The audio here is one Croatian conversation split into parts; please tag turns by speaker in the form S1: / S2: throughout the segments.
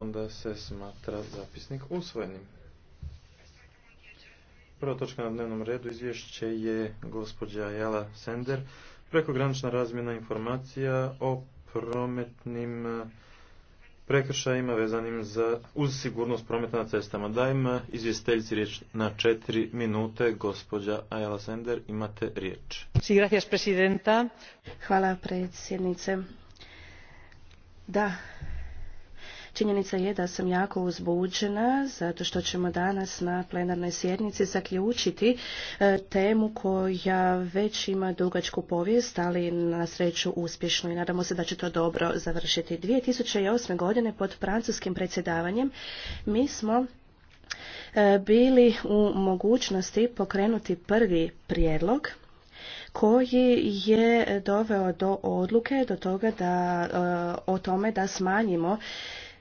S1: onda se smatra zapisnik usvojenim. Prva točka na dnevnom redu izvješće je gospođa Jala Sender, prekogranična razmjena informacija o prometnim e, prekršajima vezanim za, uz sigurnost prometa na cestama. Dajem e, izvjesteljci riječ na četiri minute. Gospođa Ayala Sender, imate riječ.
S2: Hvala predsjednice. Da, Činjenica je da sam jako uzbuđena zato što ćemo danas na plenarnoj sjednici zaključiti e, temu koja već ima dugačku povijest, ali na sreću uspješnu i nadamo se da će to dobro završiti. 2008. godine pod francuskim predsjedavanjem mi smo e, bili u mogućnosti pokrenuti prvi prijedlog koji je doveo do odluke do toga da e, o tome da smanjimo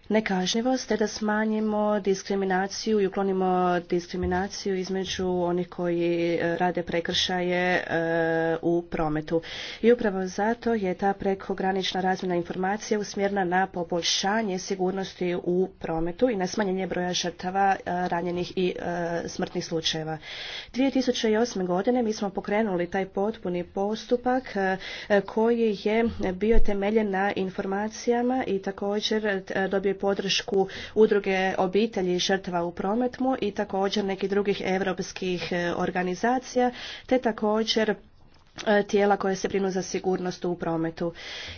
S2: nekažnjivost te da smanjimo diskriminaciju i uklonimo diskriminaciju između onih koji e, rade prekršaje e, u prometu. I upravo zato je ta prekogranična razmjena informacija usmjerena na poboljšanje sigurnosti u prometu i na smanjenje broja žrtava e, ranjenih i smrtnih slučajeva. 2008. godine mi smo pokrenuli taj potpuni postupak koji je bio temeljen na informacijama i također dobio podršku udruge obitelji žrtava u prometmu i također nekih drugih europskih eh, organizacija te također E, tijela koje se brinu za sigurnost u prometu.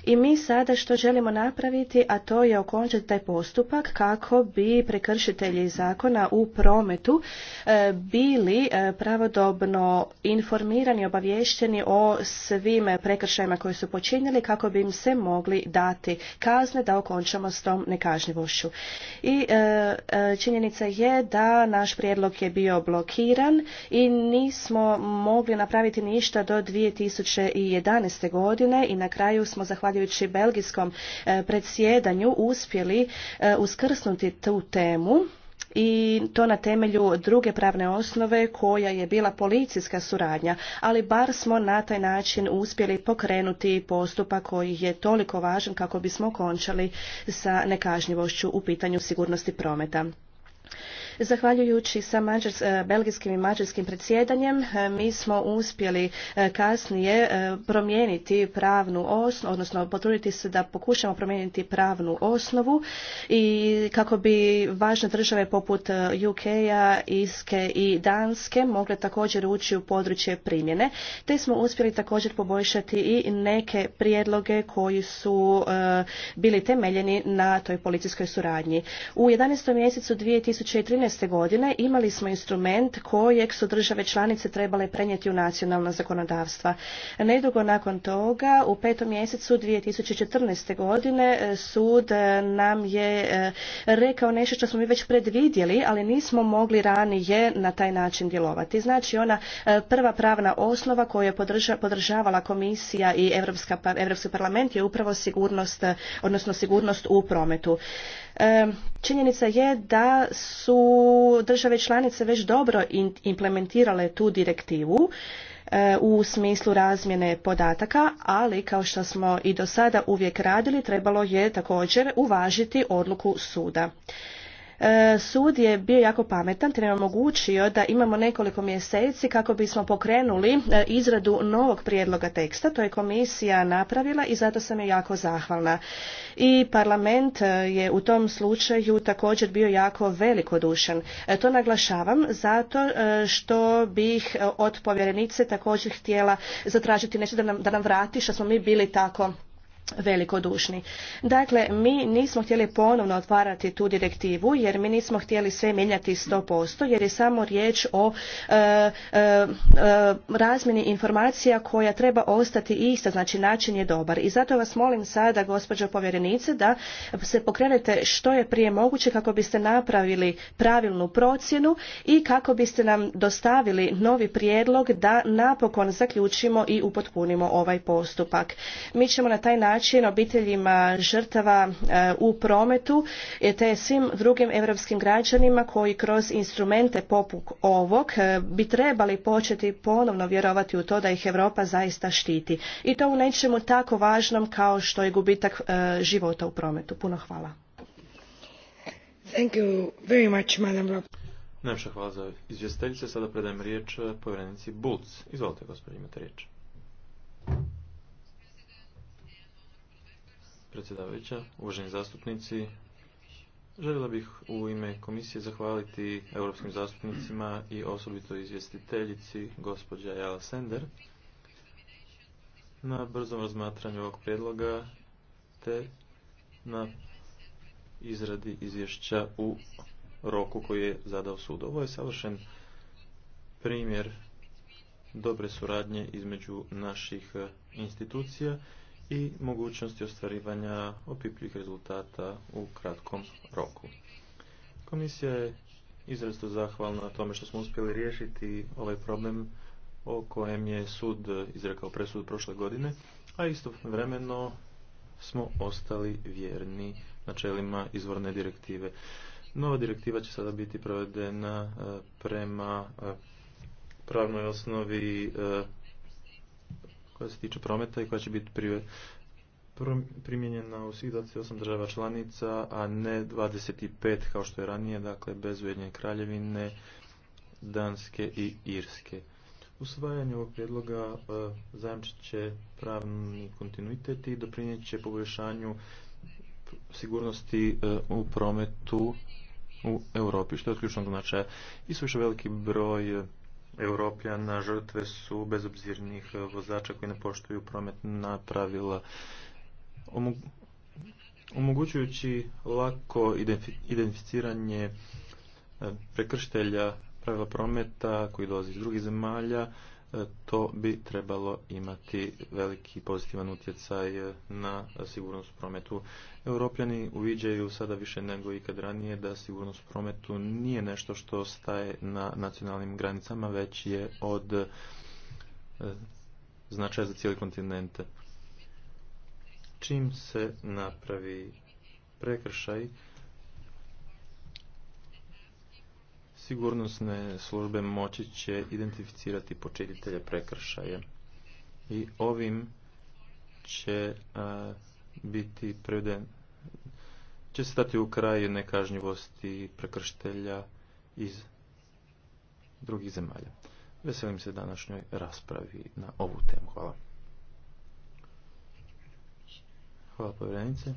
S2: I mi sada što želimo napraviti, a to je okončati taj postupak kako bi prekršitelji zakona u prometu e, bili e, pravodobno informirani, obavješteni o svim prekršajima koje su počinili kako bi im se mogli dati kazne da okončamo s tom nekažnjivošću. I činjenica je da naš prijedlog je bio blokiran i nismo mogli napraviti ništa do dvije 2011. godine i na kraju smo zahvaljujući belgijskom e, predsjedanju uspjeli e, uskrsnuti tu temu i to na temelju druge pravne osnove koja je bila policijska suradnja, ali bar smo na taj način uspjeli pokrenuti postupak koji je toliko važan kako bismo končali sa nekažnjivošću u pitanju sigurnosti prometa. Zahvaljujući sa e, belgijskim i mađarskim predsjedanjem e, mi smo uspjeli e, kasnije promijeniti pravnu osnovu, odnosno potruditi se da pokušamo promijeniti pravnu osnovu i kako bi važne države poput UK-a, Iske i Danske mogle također ući u područje primjene, te smo uspjeli također poboljšati i neke prijedloge koji su bili temeljeni na toj policijskoj suradnji. U 11. mjesecu 2013 godine imali smo instrument kojeg su države članice trebale prenijeti u nacionalna zakonodavstva. Nedugo nakon toga, u petom mjesecu 2014. godine, e, sud e, nam je e, rekao nešto što smo mi već predvidjeli, ali nismo mogli ranije na taj način djelovati. Znači, ona prva pravna osnova koju je podržavala komisija i Europski pa, parlament je upravo sigurnost, odnosno sigurnost u prometu. Činjenica je da su države članice već dobro implementirale tu direktivu e, u smislu razmjene podataka, ali kao što smo i do sada uvijek radili, trebalo je također uvažiti odluku suda. E, sud je bio jako pametan te nam omogućio da imamo nekoliko mjeseci kako bismo pokrenuli e, izradu novog prijedloga teksta. To je komisija napravila i zato sam je jako zahvalna. I parlament e, je u tom slučaju također bio jako velikodušan. To naglašavam zato što bih od povjerenice također htjela zatražiti nešto da nam, da nam vrati što smo mi bili tako velikodušni. Dakle, mi nismo htjeli ponovno otvarati tu direktivu jer mi nismo htjeli sve mijenjati 100% jer je samo riječ o e, e, e, razmjeni informacija koja treba ostati ista, znači način je dobar. I zato vas molim sada, gospođo povjerenice, da se pokrenete što je prije moguće kako biste napravili pravilnu procjenu i kako biste nam dostavili novi prijedlog da napokon zaključimo i upotpunimo ovaj postupak. Mi ćemo na taj način način obiteljima žrtava e, u prometu e, te svim drugim europskim građanima koji kroz instrumente popuk ovog e, bi trebali početi ponovno vjerovati u to da ih Europa zaista štiti. I to u nečemu tako važnom kao što je gubitak života u prometu. Puno hvala.
S3: Thank you very much, madam
S1: Najpša hvala za izvjestiteljice. Sada predajem riječ povjerenici Bulc. Izvolite, gospodine, imate riječ predsjedavajuća, uvaženi zastupnici. Željela bih u ime komisije zahvaliti europskim zastupnicima i osobito izvjestiteljici gospođa Jala Sender na brzom razmatranju ovog predloga te na izradi izvješća u roku koji je zadao sud. Ovo je savršen primjer dobre suradnje između naših institucija i mogućnosti ostvarivanja opipljivih rezultata u kratkom roku. Komisija je izrazito zahvalna na tome što smo uspjeli riješiti ovaj problem o kojem je sud izrekao presudu prošle godine, a istovremeno smo ostali vjerni načelima izvorne direktive. Nova direktiva će sada biti provedena eh, prema eh, pravnoj osnovi eh, koja se tiče prometa i koja će biti primijenjena primjenjena u svih 28 država članica, a ne 25 kao što je ranije, dakle bez Ujedinjene kraljevine, Danske i Irske. Usvajanje ovog prijedloga e, zajamčit će pravni kontinuitet i doprinijet će poboljšanju sigurnosti e, u prometu u Europi, što je od ključnog značaja. I više veliki broj na žrtve su bezobzirnih vozača koji ne poštuju prometna pravila. Omogućujući lako identificiranje eh, prekrštelja pravila prometa koji dolazi iz drugih zemalja, E, to bi trebalo imati veliki pozitivan utjecaj e, na sigurnost u prometu. Europljani uviđaju sada više nego ikad ranije da sigurnost prometu nije nešto što staje na nacionalnim granicama, već je od e, značaja za cijeli kontinent. Čim se napravi prekršaj, sigurnosne službe moći će identificirati počinitelje prekršaja i ovim će biti preveden će se stati u kraj nekažnjivosti prekršitelja iz drugih zemalja. Veselim se današnjoj raspravi na ovu temu. Hvala. Hvala povjerenice.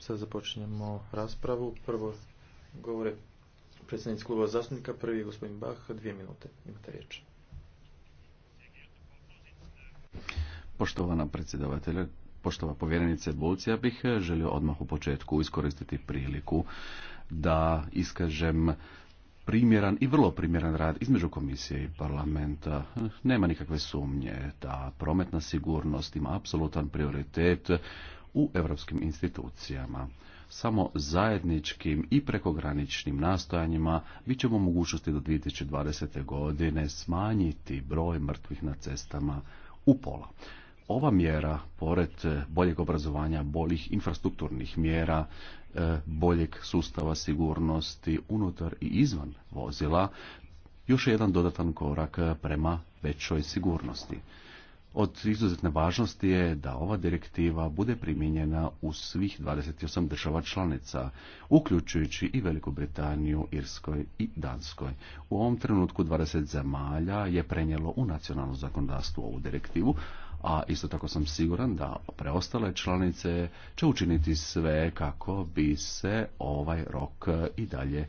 S1: Sad započinjemo raspravu. Prvo govore Predsjednici kluba zastupnika, prvi je gospodin Bach, dvije minute, imate riječ.
S4: Poštovana predsjedavatelja, poštova povjerenice Bulc, ja bih eh, želio odmah u početku iskoristiti priliku da iskažem primjeran i vrlo primjeran rad između komisije i parlamenta. Eh, nema nikakve sumnje da prometna sigurnost ima apsolutan prioritet u europskim institucijama. Samo zajedničkim i prekograničnim nastojanjima bit ćemo mogućnosti do 2020. godine smanjiti broj mrtvih na cestama u pola. Ova mjera, pored boljeg obrazovanja, boljih infrastrukturnih mjera, e, boljeg sustava sigurnosti unutar i izvan vozila, još je jedan dodatan korak prema većoj sigurnosti. Od izuzetne važnosti je da ova direktiva bude primijenjena u svih 28 država članica, uključujući i Veliku Britaniju, Irskoj i Danskoj. U ovom trenutku 20 zemalja je prenijelo u nacionalno zakonodavstvo ovu direktivu, a isto tako sam siguran da preostale članice će učiniti sve kako bi se ovaj rok i dalje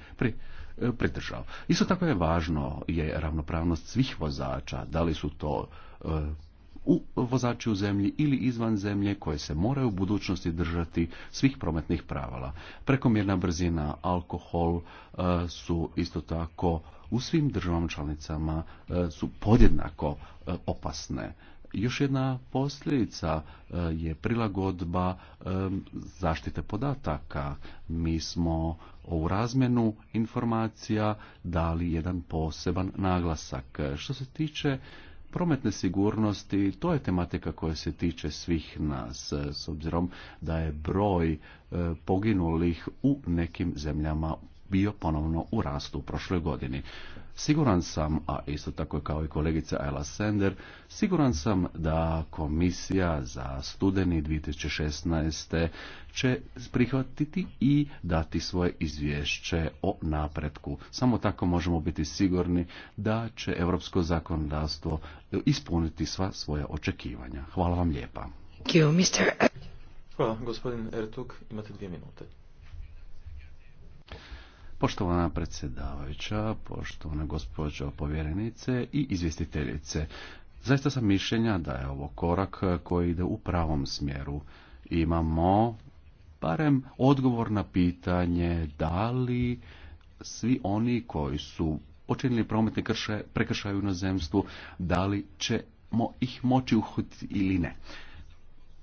S4: pridržao. Isto tako je važno je ravnopravnost svih vozača, da li su to e, u vozači u zemlji ili izvan zemlje koje se moraju u budućnosti držati svih prometnih pravila. Prekomjerna brzina, alkohol e, su isto tako u svim državama članicama e, su podjednako e, opasne. Još jedna posljedica je prilagodba zaštite podataka. Mi smo u razmjenu informacija dali jedan poseban naglasak. Što se tiče prometne sigurnosti, to je tematika koja se tiče svih nas, e, s obzirom da je broj e, poginulih u nekim zemljama bio ponovno u rastu u prošloj godini. Siguran sam, a isto tako kao i kolegica Ella Sender, siguran sam da komisija za studeni 2016. će prihvatiti i dati svoje izvješće o napretku. Samo tako možemo biti sigurni da će europsko zakonodavstvo ispuniti sva svoja očekivanja. Hvala vam lijepa.
S1: Hvala, gospodin Ertug, imate dvije minute.
S4: Poštovana predsjedavajuća, poštovana gospođo povjerenice i izvjestiteljice, zaista sam mišljenja da je ovo korak koji ide u pravom smjeru. Imamo barem odgovor na pitanje da li svi oni koji su počinili prometne krše, prekršaju na zemstvu, da li ćemo ih moći uhutiti ili ne.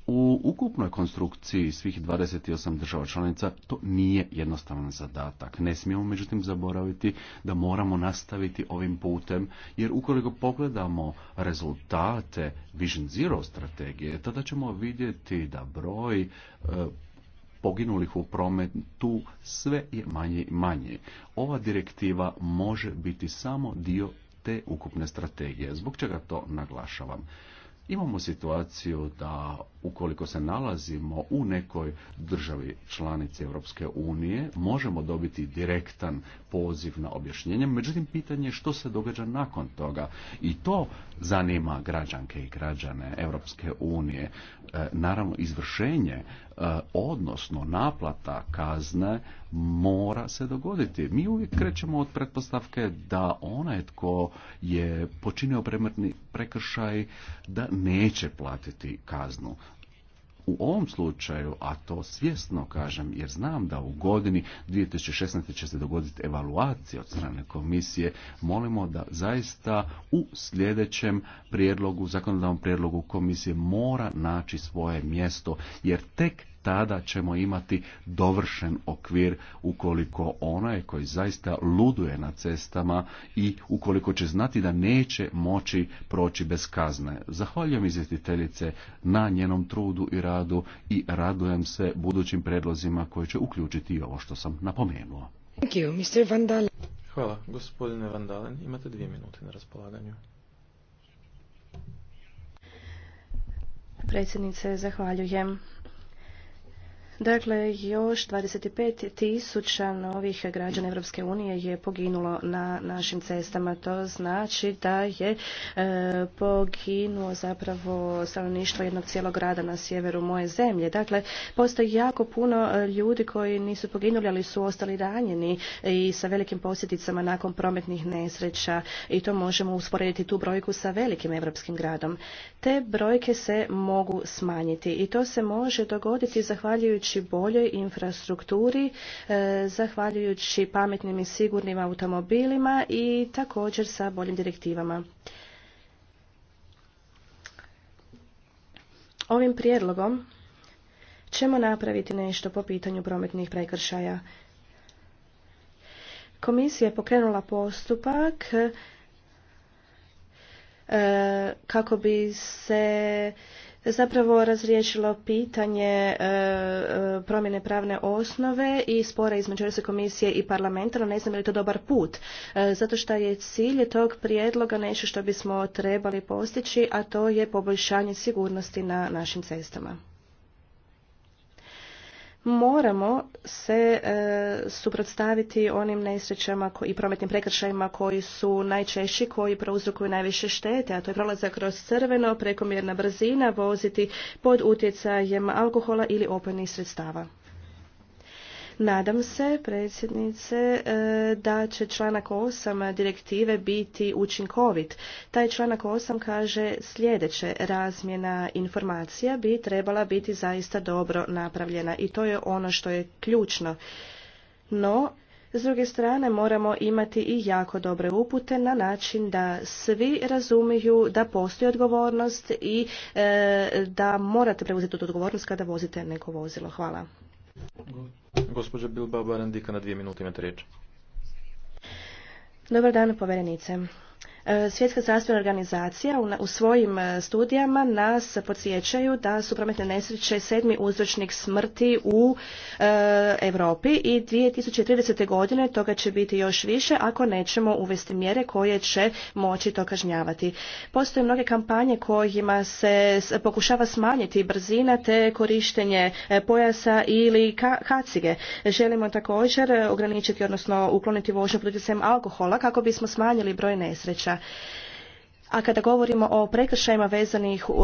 S4: U ukupnoj konstrukciji svih 28 država članica to nije jednostavan zadatak. Ne smijemo međutim zaboraviti da moramo nastaviti ovim putem, jer ukoliko pogledamo rezultate Vision Zero strategije, tada ćemo vidjeti da broj e, poginulih u prometu sve je manje i manje. Ova direktiva može biti samo dio te ukupne strategije. Zbog čega to naglašavam? Imamo situaciju da ukoliko se nalazimo u nekoj državi članice Europske unije, možemo dobiti direktan poziv na objašnjenje, međutim pitanje je što se događa nakon toga. I to zanima građanke i građane Europske unije. E, naravno, izvršenje E, odnosno naplata kazne mora se dogoditi. Mi uvijek krećemo od pretpostavke da onaj tko je počinio premrtni prekršaj da neće platiti kaznu u ovom slučaju, a to svjesno kažem jer znam da u godini 2016. će se dogoditi evaluacija od strane komisije, molimo da zaista u sljedećem prijedlogu, zakonodavnom prijedlogu komisije mora naći svoje mjesto jer tek tada ćemo imati dovršen okvir ukoliko onaj koji zaista luduje na cestama i ukoliko će znati da neće moći proći bez kazne. Zahvaljujem izvjestiteljice na njenom trudu i radu i radujem se budućim predlozima koji će uključiti i ovo što sam napomenuo.
S1: Hvala, gospodine Vandalen. Imate dvije minute na raspolaganju.
S2: Predsjednice, zahvaljujem. Dakle, još 25 tisuća novih građana Europske unije je poginulo na našim cestama. To znači da je e, poginuo zapravo stanovništvo jednog cijelog grada na sjeveru moje zemlje. Dakle, postoji jako puno e, ljudi koji nisu poginuli, ali su ostali ranjeni i sa velikim posljedicama nakon prometnih nesreća i to možemo usporediti tu brojku sa velikim europskim gradom. Te brojke se mogu smanjiti i to se može dogoditi zahvaljujući zahvaljujući boljoj infrastrukturi, e, zahvaljujući pametnim i sigurnim automobilima i također sa boljim direktivama. Ovim prijedlogom ćemo napraviti nešto po pitanju prometnih prekršaja. Komisija je pokrenula postupak e, kako bi se zapravo razriješilo pitanje e, e, promjene pravne osnove i spora između Europske komisije i parlamenta, no ne znam je li to dobar put, e, zato što je cilj tog prijedloga nešto što bismo trebali postići, a to je poboljšanje sigurnosti na našim cestama moramo se e, suprotstaviti onim nesrećama i prometnim prekršajima koji su najčešći, koji prouzrokuju najviše štete, a to je prolazak kroz crveno, prekomjerna brzina, voziti pod utjecajem alkohola ili opojnih sredstava. Nadam se, predsjednice, e, da će članak 8 direktive biti učinkovit. Taj članak 8 kaže sljedeće, razmjena informacija bi trebala biti zaista dobro napravljena i to je ono što je ključno. No, s druge strane moramo imati i jako dobre upute na način da svi razumiju da postoji odgovornost i e, da morate preuzeti tu odgovornost kada vozite neko vozilo. Hvala.
S1: Gospođa Bilbao Barandika na dvije minute imate riječ.
S2: Dobar dan, poverenice. Svjetska zdravstvena organizacija u svojim e, studijama nas podsjećaju da su prometne nesreće sedmi uzročnik smrti u e, Europi i 2030. godine toga će biti još više ako nećemo uvesti mjere koje će moći to kažnjavati. Postoje mnoge kampanje kojima se pokušava smanjiti brzina te korištenje e, pojasa ili kacige. Želimo također ograničiti, odnosno ukloniti vožnju pod utjecajem alkohola kako bismo smanjili broj nesreća. Yeah a kada govorimo o prekršajima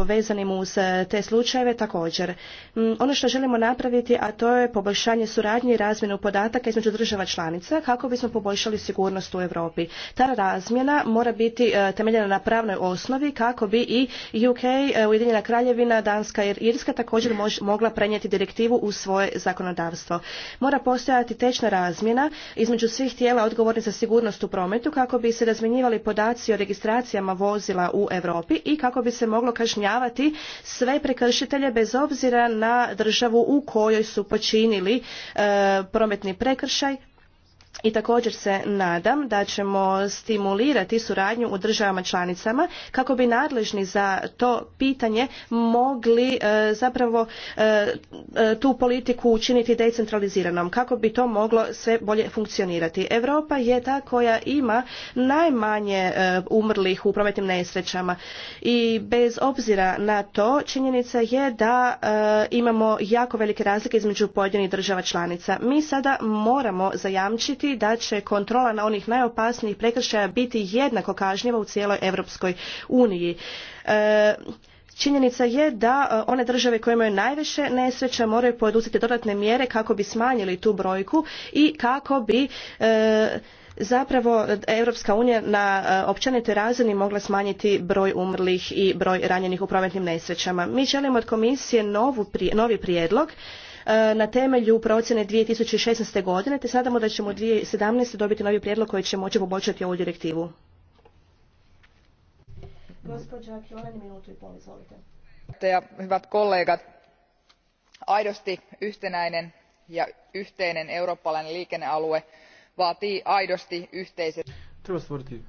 S2: vezanim uz e, te slučajeve također. Mm, ono što želimo napraviti, a to je poboljšanje suradnje i razmjenu podataka između država članica kako bismo poboljšali sigurnost u Europi. Ta razmjena mora biti e, temeljena na pravnoj osnovi kako bi i UK, e, Ujedinjena Kraljevina, Danska i Irska također mogla prenijeti direktivu u svoje zakonodavstvo. Mora postojati tečna razmjena između svih tijela odgovornih za sigurnost u prometu kako bi se razmjenjivali podaci o registracijama vozila u Europi i kako bi se moglo kažnjavati sve prekršitelje bez obzira na državu u kojoj su počinili e, prometni prekršaj i također se nadam da ćemo stimulirati suradnju u državama članicama kako bi nadležni za to pitanje mogli e, zapravo e, e, tu politiku učiniti decentraliziranom kako bi to moglo sve bolje funkcionirati. Europa je ta koja ima najmanje umrlih u prometnim nesrećama i bez obzira na to činjenica je da imamo jako velike razlike između pojedinih država članica. Mi sada moramo zajamčiti da će kontrola na onih najopasnijih prekršaja biti jednako kažnjiva u cijeloj Europskoj uniji. E, činjenica je da e, one države koje imaju najviše nesreća moraju poduzeti dodatne mjere kako bi smanjili tu brojku i kako bi e, zapravo Europska unija na općenitoj razini mogla smanjiti broj umrlih i broj ranjenih u prometnim nesrećama. Mi želimo od komisije novi prijedlog E, na temelju procjene 2016. godine te sadamo da ćemo 2017. dobiti novi prijedlog koji će moći poboljšati ovu direktivu. Gospođa Kjolen, minutu i pol, izvolite.
S5: Hyvät kollegat, aidosti yhtenäinen ja yhteinen eurooppalainen liikennealue vaatii aidosti yhteisen...
S1: Treba stvoriti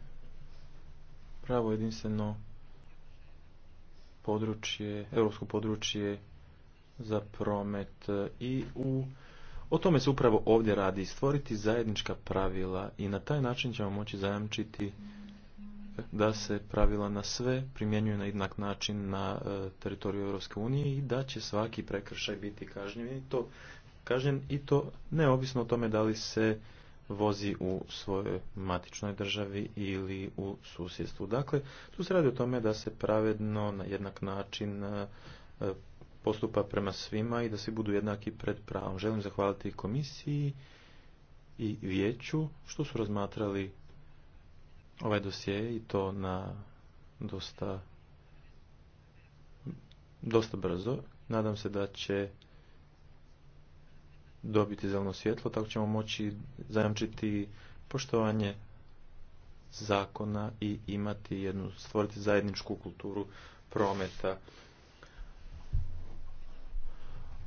S1: pravo jedinstveno područje, europsko područje za promet e, i u o tome se upravo ovdje radi, stvoriti zajednička pravila i na taj način ćemo moći zajamčiti da se pravila na sve primjenjuju na jednak način na e, teritoriju Europske unije i da će svaki prekršaj biti kažnjen i to, kažnjen i to neovisno o tome da li se vozi u svojoj matičnoj državi ili u susjedstvu. Dakle, tu se radi o tome da se pravedno na jednak način e, postupa prema svima i da svi budu jednaki pred pravom. Želim zahvaliti komisiji i vijeću što su razmatrali ovaj dosje i to na dosta dosta brzo. Nadam se da će dobiti zeleno svjetlo, tako ćemo moći zajamčiti poštovanje zakona i imati jednu, stvoriti zajedničku kulturu prometa.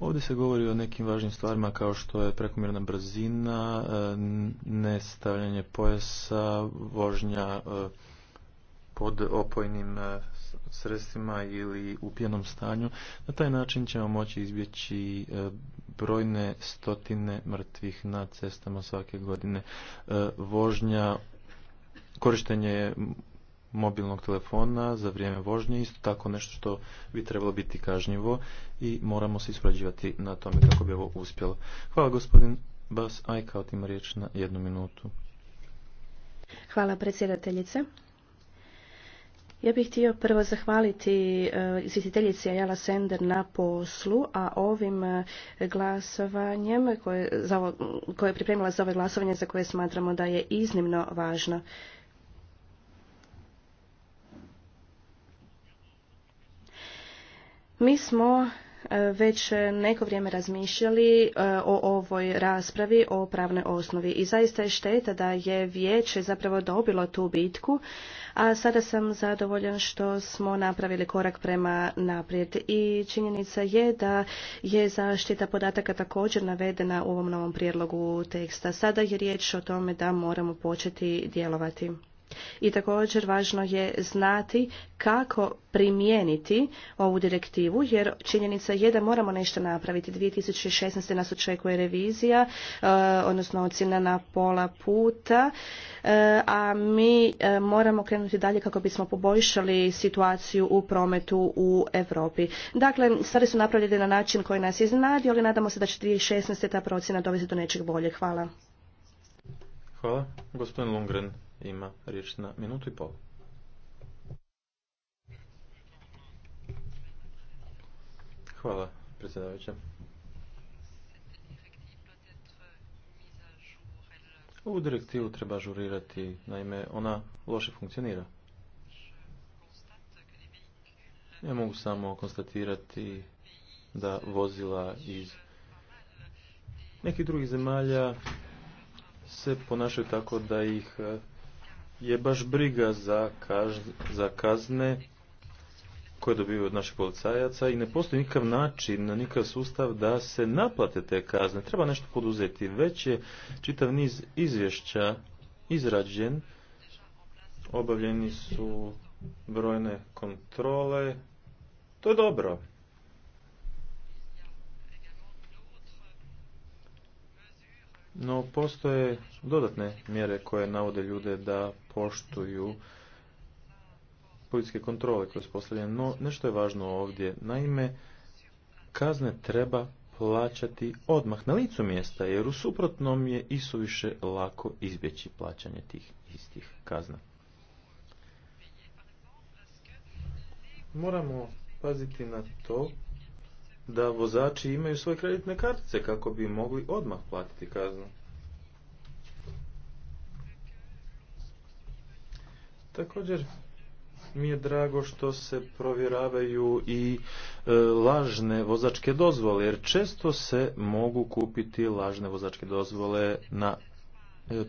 S1: Ovdje se govori o nekim važnim stvarima kao što je prekomjerna brzina, e, nestavljanje pojasa, vožnja e, pod opojnim e, sredstvima ili u pjenom stanju. Na taj način ćemo moći izbjeći brojne stotine mrtvih na cestama svake godine. Vožnja, korištenje mobilnog telefona za vrijeme vožnje, isto tako nešto što bi trebalo biti kažnjivo i moramo se isprađivati na tome kako bi ovo uspjelo. Hvala gospodin Bas Ajkaut ima riječ na jednu minutu.
S2: Hvala predsjedateljice. Ja bih htio prvo zahvaliti e, izvjestiteljici Ajala Sender na poslu, a ovim e, glasovanjem koje, koje je pripremila za ove glasovanje za koje smatramo da je iznimno važno. Mi smo e, već neko vrijeme razmišljali e, o ovoj raspravi o pravnoj osnovi i zaista je šteta da je vijeće zapravo dobilo tu bitku, a sada sam zadovoljan što smo napravili korak prema naprijed i činjenica je da je zaštita podataka također navedena u ovom novom prijedlogu teksta. Sada je riječ o tome da moramo početi djelovati. I također važno je znati kako primijeniti ovu direktivu, jer činjenica je da moramo nešto napraviti. 2016. nas očekuje revizija, e, odnosno ocjena na pola puta, e, a mi e, moramo krenuti dalje kako bismo poboljšali situaciju u prometu u Europi. Dakle, stvari su napravljene na način koji nas iznenadio ali nadamo se da će 2016. ta procjena dovesti do nečeg bolje. Hvala.
S1: Hvala. Gospodin Lundgren ima riječ na minutu i pol. Hvala, Ovu direktivu treba žurirati, naime ona loše funkcionira. Ja mogu samo konstatirati da vozila iz nekih drugih zemalja se ponašaju tako da ih je baš briga za, za kazne koje dobivaju od naših policajaca i ne postoji nikakav način, nikakav sustav da se naplate te kazne. Treba nešto poduzeti. Već je čitav niz izvješća izrađen, obavljeni su brojne kontrole. To je dobro. No, postoje dodatne mjere koje navode ljude da poštuju politiske kontrole koje su postavljene. No, nešto je važno ovdje. Naime, kazne treba plaćati odmah na licu mjesta, jer u suprotnom je suviše lako izbjeći plaćanje tih istih kazna. Moramo paziti na to da vozači imaju svoje kreditne kartice kako bi mogli odmah platiti kaznu. Također mi je drago što se provjeravaju i e, lažne vozačke dozvole, jer često se mogu kupiti lažne vozačke dozvole na e,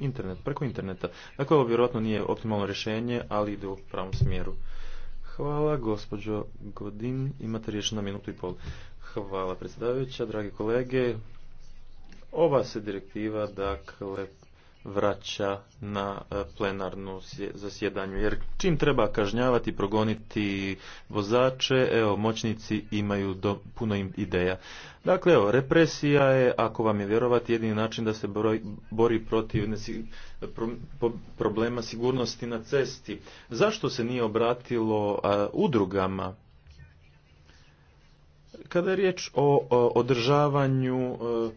S1: internet, preko interneta. Dakle, ovo vjerojatno nije optimalno rješenje, ali ide u pravom smjeru. Hvala, gospođo Godin. Imate riječ na minutu i pol. Hvala, predsjedavajuća, dragi kolege. Ova se direktiva, dakle, vraća na e, plenarnu zasjedanju. Jer čim treba kažnjavati, progoniti vozače, evo, moćnici imaju do, puno im ideja. Dakle, evo, represija je, ako vam je vjerovati, jedini način da se bori protiv problema sigurnosti na cesti. Zašto se nije obratilo udrugama? Kada je riječ o, održavanju e,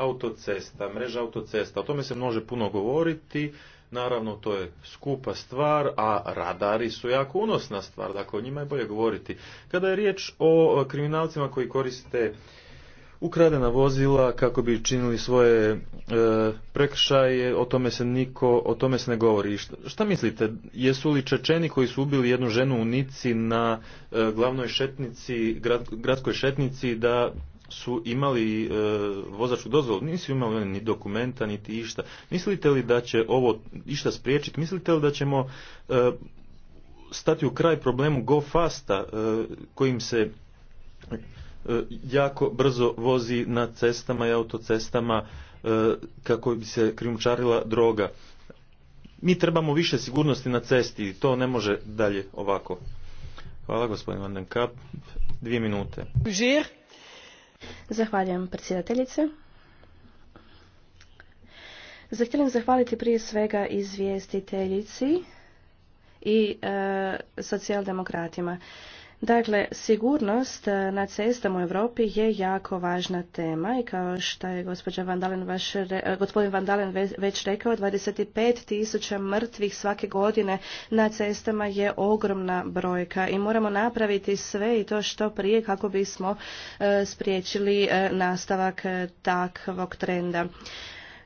S1: autocesta, mreža autocesta, o tome se može puno govoriti, naravno to je skupa stvar, a radari su jako unosna stvar, dakle o njima je bolje govoriti. Kada je riječ o kriminalcima koji koriste ukradena vozila kako bi činili svoje e, prekršaje, o tome se niko, o tome se ne govori. Šta, mislite, jesu li Čečeni koji su ubili jednu ženu u Nici na e, glavnoj šetnici, gradskoj šetnici da su imali e, vozačku dozvolu, nisu imali ni dokumenta, niti išta. Mislite li da će ovo išta spriječiti? Mislite li da ćemo e, stati u kraj problemu go fasta e, kojim se jako brzo vozi na cestama i autocestama kako bi se krijumčarila droga? Mi trebamo više sigurnosti na cesti i to ne može dalje ovako. Hvala gospodin Van Dvije minute.
S2: Zahvaljujem predsjedateljice. Zahvaljujem zahvaliti prije svega izvjestiteljici i e, socijaldemokratima. Dakle, sigurnost eh, na cestama u Europi je jako važna tema i kao što je gospođa Vandalen vaš, eh, gospodin Vandalen već rekao, 25 tisuća mrtvih svake godine na cestama je ogromna brojka i moramo napraviti sve i to što prije kako bismo eh, spriječili nastavak takvog trenda.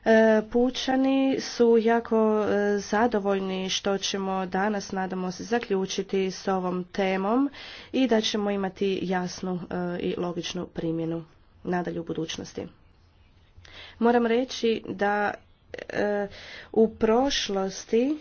S2: E, Pučani su jako e, zadovoljni što ćemo danas, nadamo se, zaključiti s ovom temom i da ćemo imati jasnu e, i logičnu primjenu nadalje u budućnosti. Moram reći da u prošlosti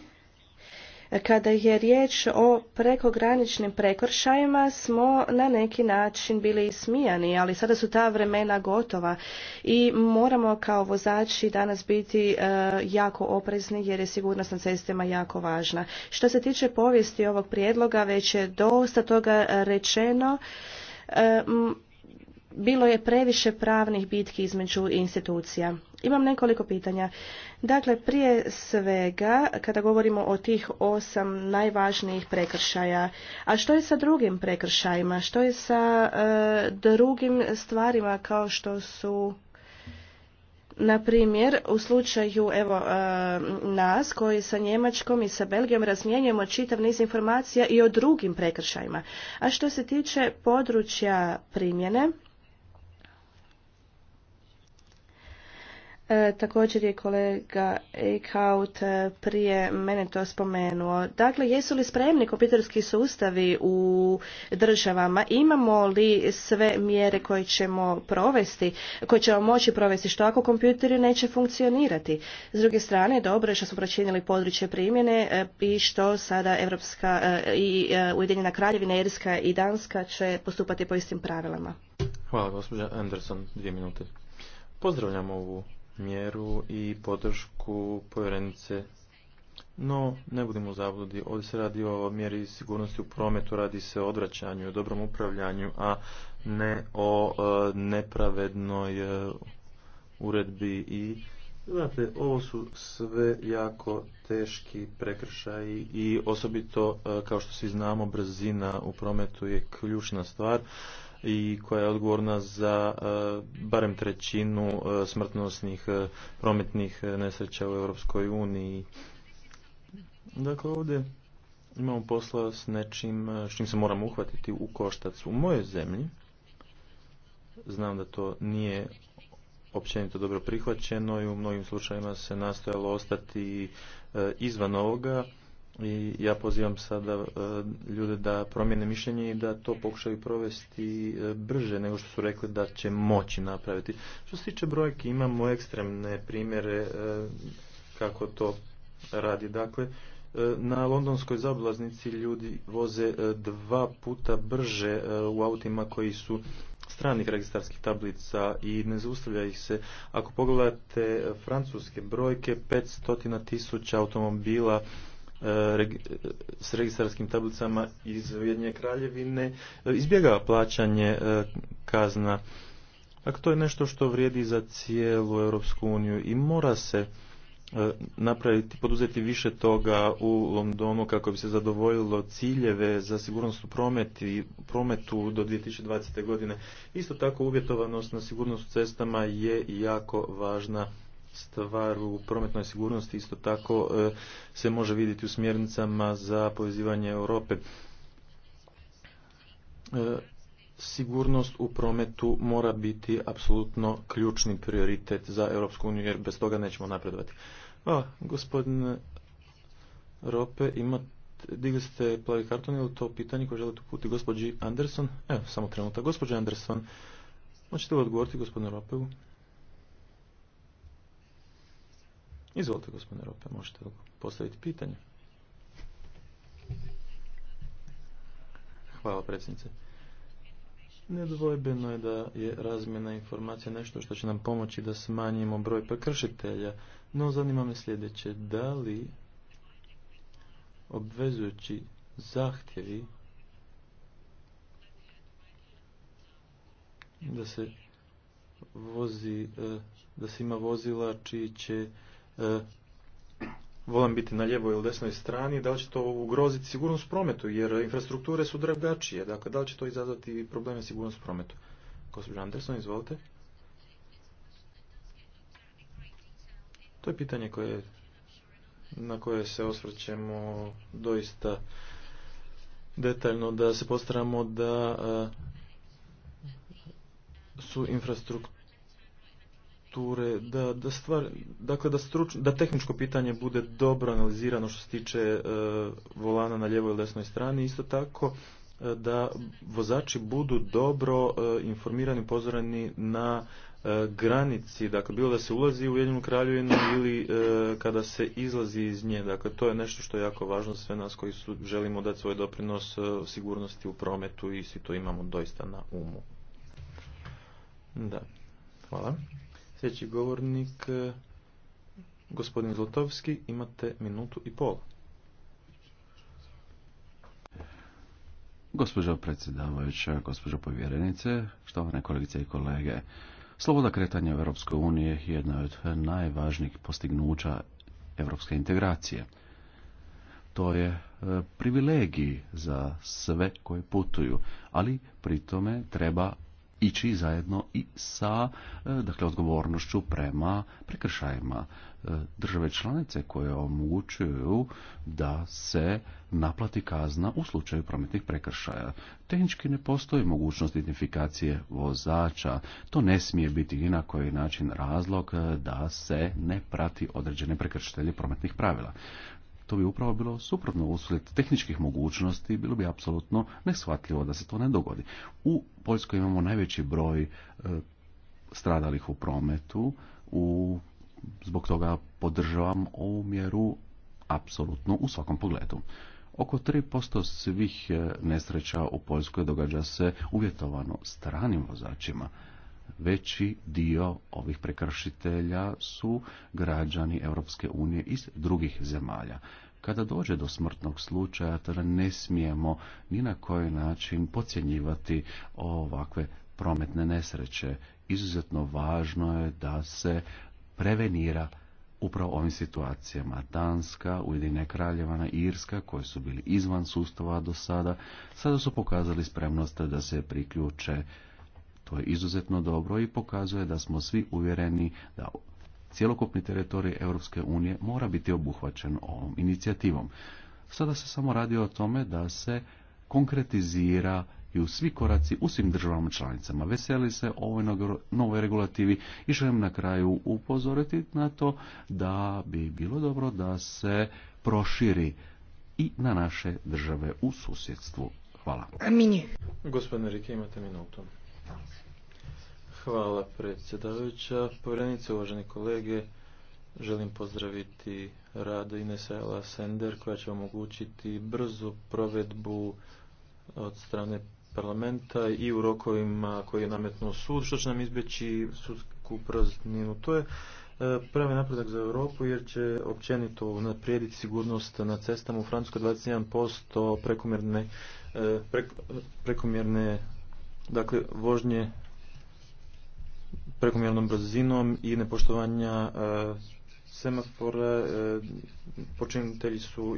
S2: kada je riječ o prekograničnim prekršajima smo na neki način bili smijani, ali sada su ta vremena gotova i moramo kao vozači danas biti e, jako oprezni jer je sigurnost na cestama jako važna. Što se tiče povijesti ovog prijedloga, već je dosta toga rečeno e, bilo je previše pravnih bitki između institucija. Imam nekoliko pitanja. Dakle, prije svega, kada govorimo o tih osam najvažnijih prekršaja, a što je sa drugim prekršajima? Što je sa e, drugim stvarima kao što su na primjer, u slučaju evo, e, nas koji sa Njemačkom i sa Belgijom razmjenjujemo čitav niz informacija i o drugim prekršajima. A što se tiče područja primjene, E, također je kolega Eichhout e, prije mene to spomenuo. Dakle, jesu li spremni kompjuterski sustavi u državama? Imamo li sve mjere koje ćemo provesti, koje ćemo moći provesti, što ako kompjuteri neće funkcionirati? S druge strane, dobro je što su pročinili područje primjene e, i što sada Evropska e, i Ujedinjena Kraljevina, Irska i Danska će postupati po istim pravilama.
S1: Hvala, gospođa Anderson, dvije minute. Pozdravljam ovu mjeru i podršku povjerenice. No, ne budemo Ovdje se radi o mjeri sigurnosti u prometu, radi se o odvraćanju, o dobrom upravljanju, a ne o e, nepravednoj e, uredbi i Znate, ovo su sve jako teški prekršaji i osobito, e, kao što svi znamo, brzina u prometu je ključna stvar i koja je odgovorna za e, barem trećinu e, smrtnostnih e, prometnih nesreća u Europskoj uniji. Dakle, ovdje imamo posla s nečim s čim se moramo uhvatiti u koštac. U mojoj zemlji, znam da to nije općenito dobro prihvaćeno i u mnogim slučajevima se nastojalo ostati izvan ovoga, i ja pozivam sada e, ljude da promijene mišljenje i da to pokušaju provesti e, brže nego što su rekli da će moći napraviti. Što se tiče brojki, imamo ekstremne primjere e, kako to radi. Dakle, na londonskoj zablaznici ljudi voze dva puta brže u autima koji su stranih registarskih tablica i ne zaustavlja ih se. Ako pogledate francuske brojke, 500.000 tisuća automobila E, e, s registarskim tablicama iz Ujedinje kraljevine e, izbjegava plaćanje kazna. Dakle, to je nešto što vrijedi za cijelu Europsku uniju i mora se napraviti, poduzeti više toga u Londonu kako bi se zadovoljilo ciljeve za sigurnost u prometu prometu do 2020. godine. Isto tako uvjetovanost na sigurnost u cestama je jako važna stvar u prometnoj sigurnosti isto tako e, se može vidjeti u smjernicama za povezivanje Europe. E, sigurnost u prometu mora biti apsolutno ključni prioritet za Europsku uniju jer bez toga nećemo napredovati. Hvala, gospodin Rope, ima digli ste plavi karton ili to pitanje koje želite uputiti gospođi Anderson? Evo, samo trenutak. Gospođa Anderson, možete li odgovoriti gospodinu Ropevu? Izvolite, gospodine Rope, možete postaviti pitanje. Hvala, predsjednice. Nedvojbeno je da je razmjena informacija nešto što će nam pomoći da smanjimo broj prekršitelja, no zanima me sljedeće, da li obvezujući zahtjevi da se vozi, e, da se ima vozila čiji će E, volim biti na ljevoj ili desnoj strani, da li će to ugroziti sigurnost prometu, jer infrastrukture su drugačije, dakle da li će to izazvati probleme sigurnost prometu. Gospođo Anderson, izvolite. To je pitanje koje, na koje se osvrćemo doista detaljno, da se postaramo da e, su infrastrukture da, da, stvar, dakle, da, struč, da tehničko pitanje bude dobro analizirano što se tiče e, volana na lijevoj i desnoj strani, isto tako e, da vozači budu dobro e, informirani, upozoreni na granici, dakle bilo da se ulazi u jednu kraljevinu ili kada se izlazi iz nje, dakle to je nešto što je jako važno sve nas koji su, želimo dati svoj doprinos sigurnosti u prometu i svi to imamo doista na umu. Da, hvala. Sljedeći govornik, e, gospodin Zlotovski, imate minutu i pol.
S4: Gospođo predsjedavajuća, gospođo povjerenice, štovane kolegice i kolege, sloboda kretanja u Europskoj uniji je jedna od najvažnijih postignuća europske integracije. To je e, privilegij za sve koje putuju, ali pri tome treba ići zajedno i sa e, dakle, odgovornošću prema prekršajima e, države članice koje omogućuju da se naplati kazna u slučaju prometnih prekršaja. Tehnički ne postoji mogućnost identifikacije vozača. To ne smije biti ni na koji način razlog e, da se ne prati određene prekršitelje prometnih pravila. To bi upravo bilo suprotno uslijed tehničkih mogućnosti, bilo bi apsolutno neshvatljivo da se to ne dogodi. U Poljskoj imamo najveći broj e, stradalih u prometu, u, zbog toga podržavam ovu mjeru apsolutno u svakom pogledu. Oko 3% svih e, nesreća u Poljskoj događa se uvjetovano stranim vozačima veći dio ovih prekršitelja su građani Europske unije iz drugih zemalja. Kada dođe do smrtnog slučaja, tada ne smijemo ni na koji način pocijenjivati ovakve prometne nesreće. Izuzetno važno je da se prevenira upravo ovim situacijama. Danska, Ujedine Kraljevana Irska, koji su bili izvan sustava do sada, sada su pokazali spremnost da se priključe to je izuzetno dobro i pokazuje da smo svi uvjereni da cjelokupni teritorij Europske unije mora biti obuhvaćen ovom inicijativom. Sada se samo radi o tome da se konkretizira i u svi koraci u svim državama članicama. Veseli se ovoj novoj regulativi i želim na kraju upozoriti na to da bi bilo dobro da se proširi i na naše države u
S1: susjedstvu. Hvala. Gospodine Rike, imate minutu. Hvala predsjedavajuća. Povjerenice, uvaženi kolege, želim pozdraviti rad Inesela Ela Sender koja će omogućiti brzu provedbu od strane parlamenta i u rokovima koji je nametnuo sud, što će nam izbjeći sudsku prazninu. To je e, pravi napredak za Europu jer će općenito unaprijediti sigurnost na cestama u Francuskoj 21% prekomjerne, e, prekomjerne Dakle, vožnje prekomjernom brzinom i nepoštovanja e, semafora e, počinitelji su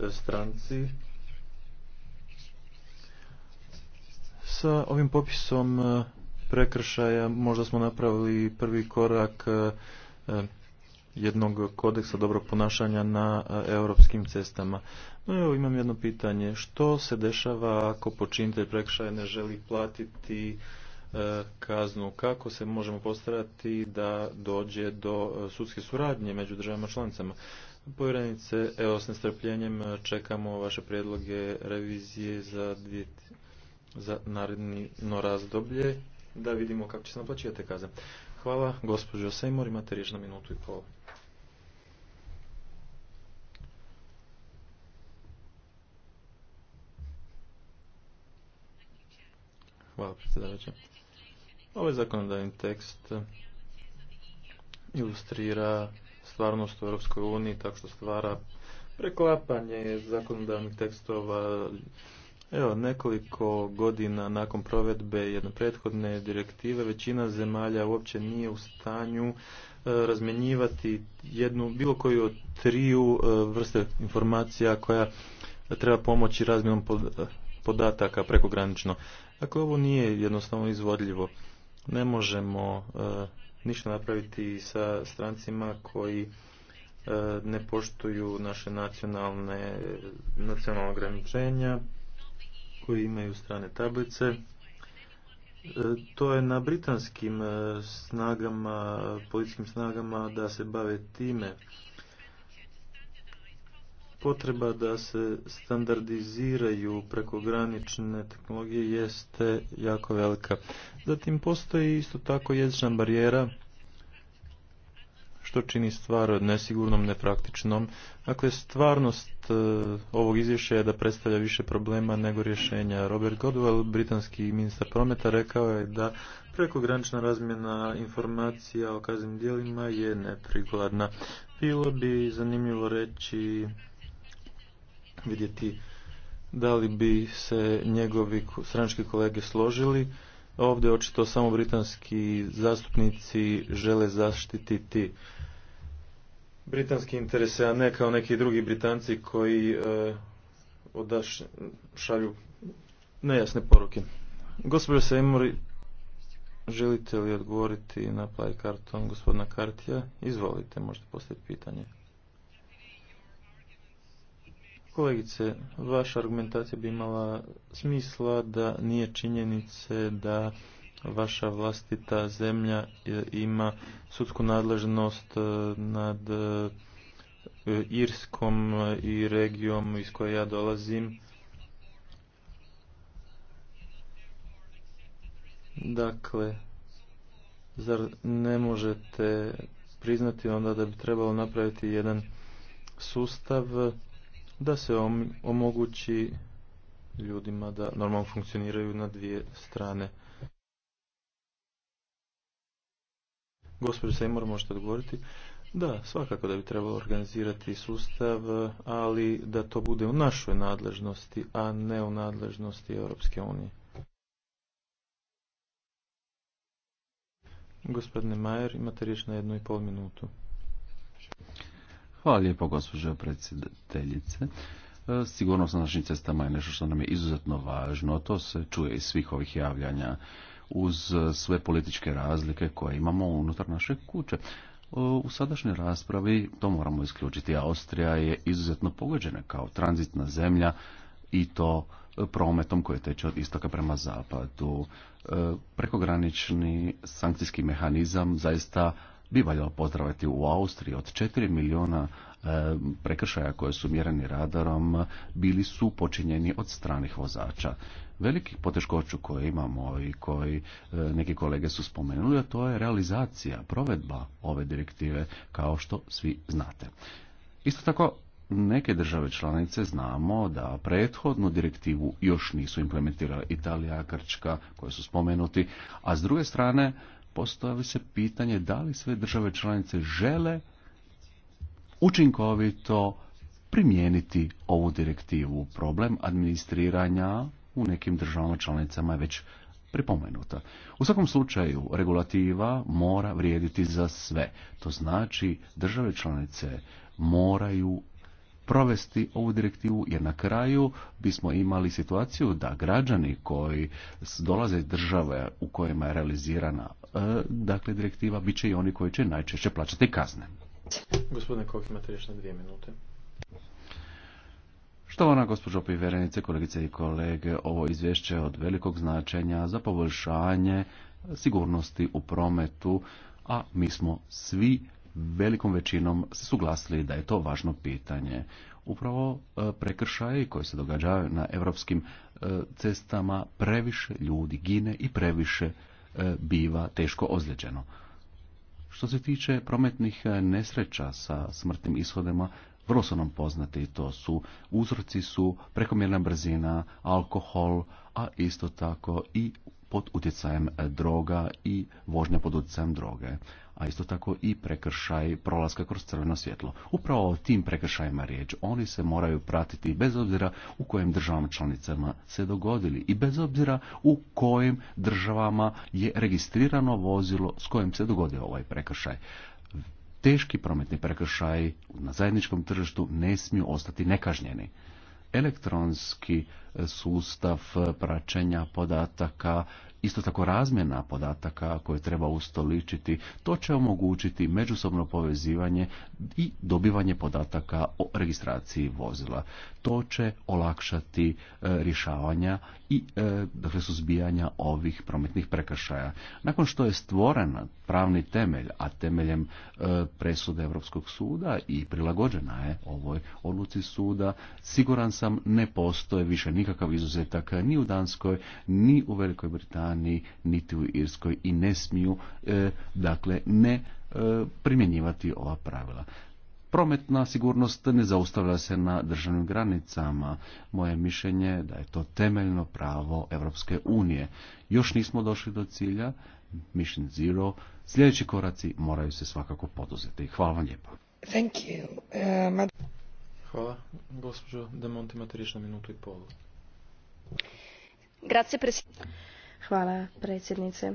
S1: e, stranci. Sa ovim popisom prekršaja možda smo napravili prvi korak jednog kodeksa dobrog ponašanja na e, europskim cestama. No evo imam jedno pitanje. Što se dešava ako počinitelj prekršaja ne želi platiti e, kaznu? Kako se možemo postarati da dođe do e, sudske suradnje među državama članicama? Povjerenice, evo s nestrpljenjem čekamo vaše prijedloge revizije za, za naredno razdoblje da vidimo kako će se naplaćivati kazne. Hvala, gospođo Sejmor, imate riječ na minutu i pol. Hvala predsjedavajuća. Ovaj zakonodavni tekst ilustrira stvarnost u Europskoj uniji tako što stvara preklapanje zakonodavnih tekstova. Evo, nekoliko godina nakon provedbe jedne prethodne direktive većina zemalja uopće nije u stanju e, razmjenjivati jednu, bilo koju od triju e, vrste informacija koja treba pomoći razmjenom e, podataka prekogranično. Dakle, ovo nije jednostavno izvodljivo. Ne možemo e, ništa napraviti sa strancima koji e, ne poštuju naše nacionalne, nacionalne ograničenja, koji imaju strane tablice. E, to je na britanskim snagama, političkim snagama da se bave time potreba da se standardiziraju prekogranične tehnologije jeste jako velika. Zatim postoji isto tako jezična barijera što čini stvar nesigurnom, nepraktičnom. Dakle, stvarnost e, ovog izvješća je da predstavlja više problema nego rješenja. Robert Godwell, britanski ministar prometa, rekao je da prekogranična razmjena informacija o kaznim dijelima je neprikladna. Bilo bi zanimljivo reći vidjeti da li bi se njegovi stranački kolege složili. Ovdje očito samo britanski zastupnici žele zaštititi britanski interese, a ne kao neki drugi britanci koji e, odaš, šalju nejasne poruke. Gospodin Seymour, želite li odgovoriti na play karton gospodina Kartija? Izvolite, možete postaviti pitanje. Kolegice, vaša argumentacija bi imala smisla da nije činjenice da vaša vlastita zemlja ima sudsku nadležnost e, nad e, Irskom e, i regijom iz koje ja dolazim. Dakle, zar ne možete priznati onda da bi trebalo napraviti jedan sustav da se omogući ljudima da normalno funkcioniraju na dvije strane. Gospodin Sejmor, možete odgovoriti? Da, svakako da bi trebalo organizirati sustav, ali da to bude u našoj nadležnosti, a ne u nadležnosti Europske unije. Gospodine Majer, imate riječ na jednu i pol minutu.
S4: Hvala lijepo, gospođo predsjedateljice. E, sigurnost na našim cestama je nešto što nam je izuzetno važno. To se čuje iz svih ovih javljanja uz sve političke razlike koje imamo unutar naše kuće. E, u sadašnjoj raspravi to moramo isključiti. Austrija je izuzetno pogođena kao tranzitna zemlja i to prometom koji teče od istoka prema zapadu. E, prekogranični sankcijski mehanizam zaista bi valjalo pozdraviti u Austriji od 4 milijuna e, prekršaja koje su mjereni radarom bili su počinjeni od stranih vozača. Veliki poteškoću koje imamo i koji e, neki kolege su spomenuli, a to je realizacija, provedba ove direktive kao što svi znate. Isto tako, neke države članice znamo da prethodnu direktivu još nisu implementirale Italija, Krčka, koje su spomenuti, a s druge strane postavi se pitanje da li sve države članice žele učinkovito primijeniti ovu direktivu. Problem administriranja u nekim državama članicama je već pripomenuta. U svakom slučaju, regulativa mora vrijediti za sve. To znači, države članice moraju provesti ovu direktivu jer na kraju bismo imali situaciju da građani koji dolaze iz države u kojima je realizirana e, dakle direktiva bit će i oni koji će najčešće plaćati kazne.
S1: Gospodine Kok, imate još na minute.
S4: ona, gospođo Piverenice, kolegice i kolege, ovo izvješće je od velikog značenja za poboljšanje sigurnosti u prometu, a mi smo svi velikom većinom se suglasili da je to važno pitanje. Upravo e, prekršaji koji se događaju na europskim e, cestama, previše ljudi gine i previše e, biva teško ozlijeđeno. Što se tiče prometnih nesreća sa smrtnim ishodima, vrlo su nam poznati. To su uzroci su prekomjerna brzina, alkohol, a isto tako i pod utjecajem droga i vožnja pod utjecajem droge a isto tako i prekršaj prolaska kroz crveno svjetlo. Upravo o tim prekršajima riječ. Oni se moraju pratiti bez obzira u kojim državama članicama se dogodili i bez obzira u kojim državama je registrirano vozilo s kojim se dogodio ovaj prekršaj teški prometni prekršaj na zajedničkom tržištu ne smiju ostati nekažnjeni. Elektronski sustav praćenja podataka Isto tako razmjena podataka koje treba ustoličiti, to će omogućiti međusobno povezivanje i dobivanje podataka o registraciji vozila. To će olakšati e, rješavanja i e, dakle, suzbijanja ovih prometnih prekršaja. Nakon što je stvoren pravni temelj, a temeljem e, presude Europskog suda i prilagođena je ovoj odluci suda, siguran sam ne postoje više nikakav izuzetak ni u Danskoj, ni u Velikoj Britaniji, niti u Irskoj i ne smiju dakle ne primjenjivati ova pravila prometna sigurnost ne zaustavlja se na državnim granicama. Moje mišljenje je da je to temeljno pravo Europske unije. Još nismo došli do cilja, Mission Zero. Sljedeći koraci moraju se svakako poduzeti. Hvala vam lijepo.
S1: Thank you. Uh, Hvala. Gospođo Demont, imate riječ na i polu.
S2: Grazie, Hvala, predsjednice.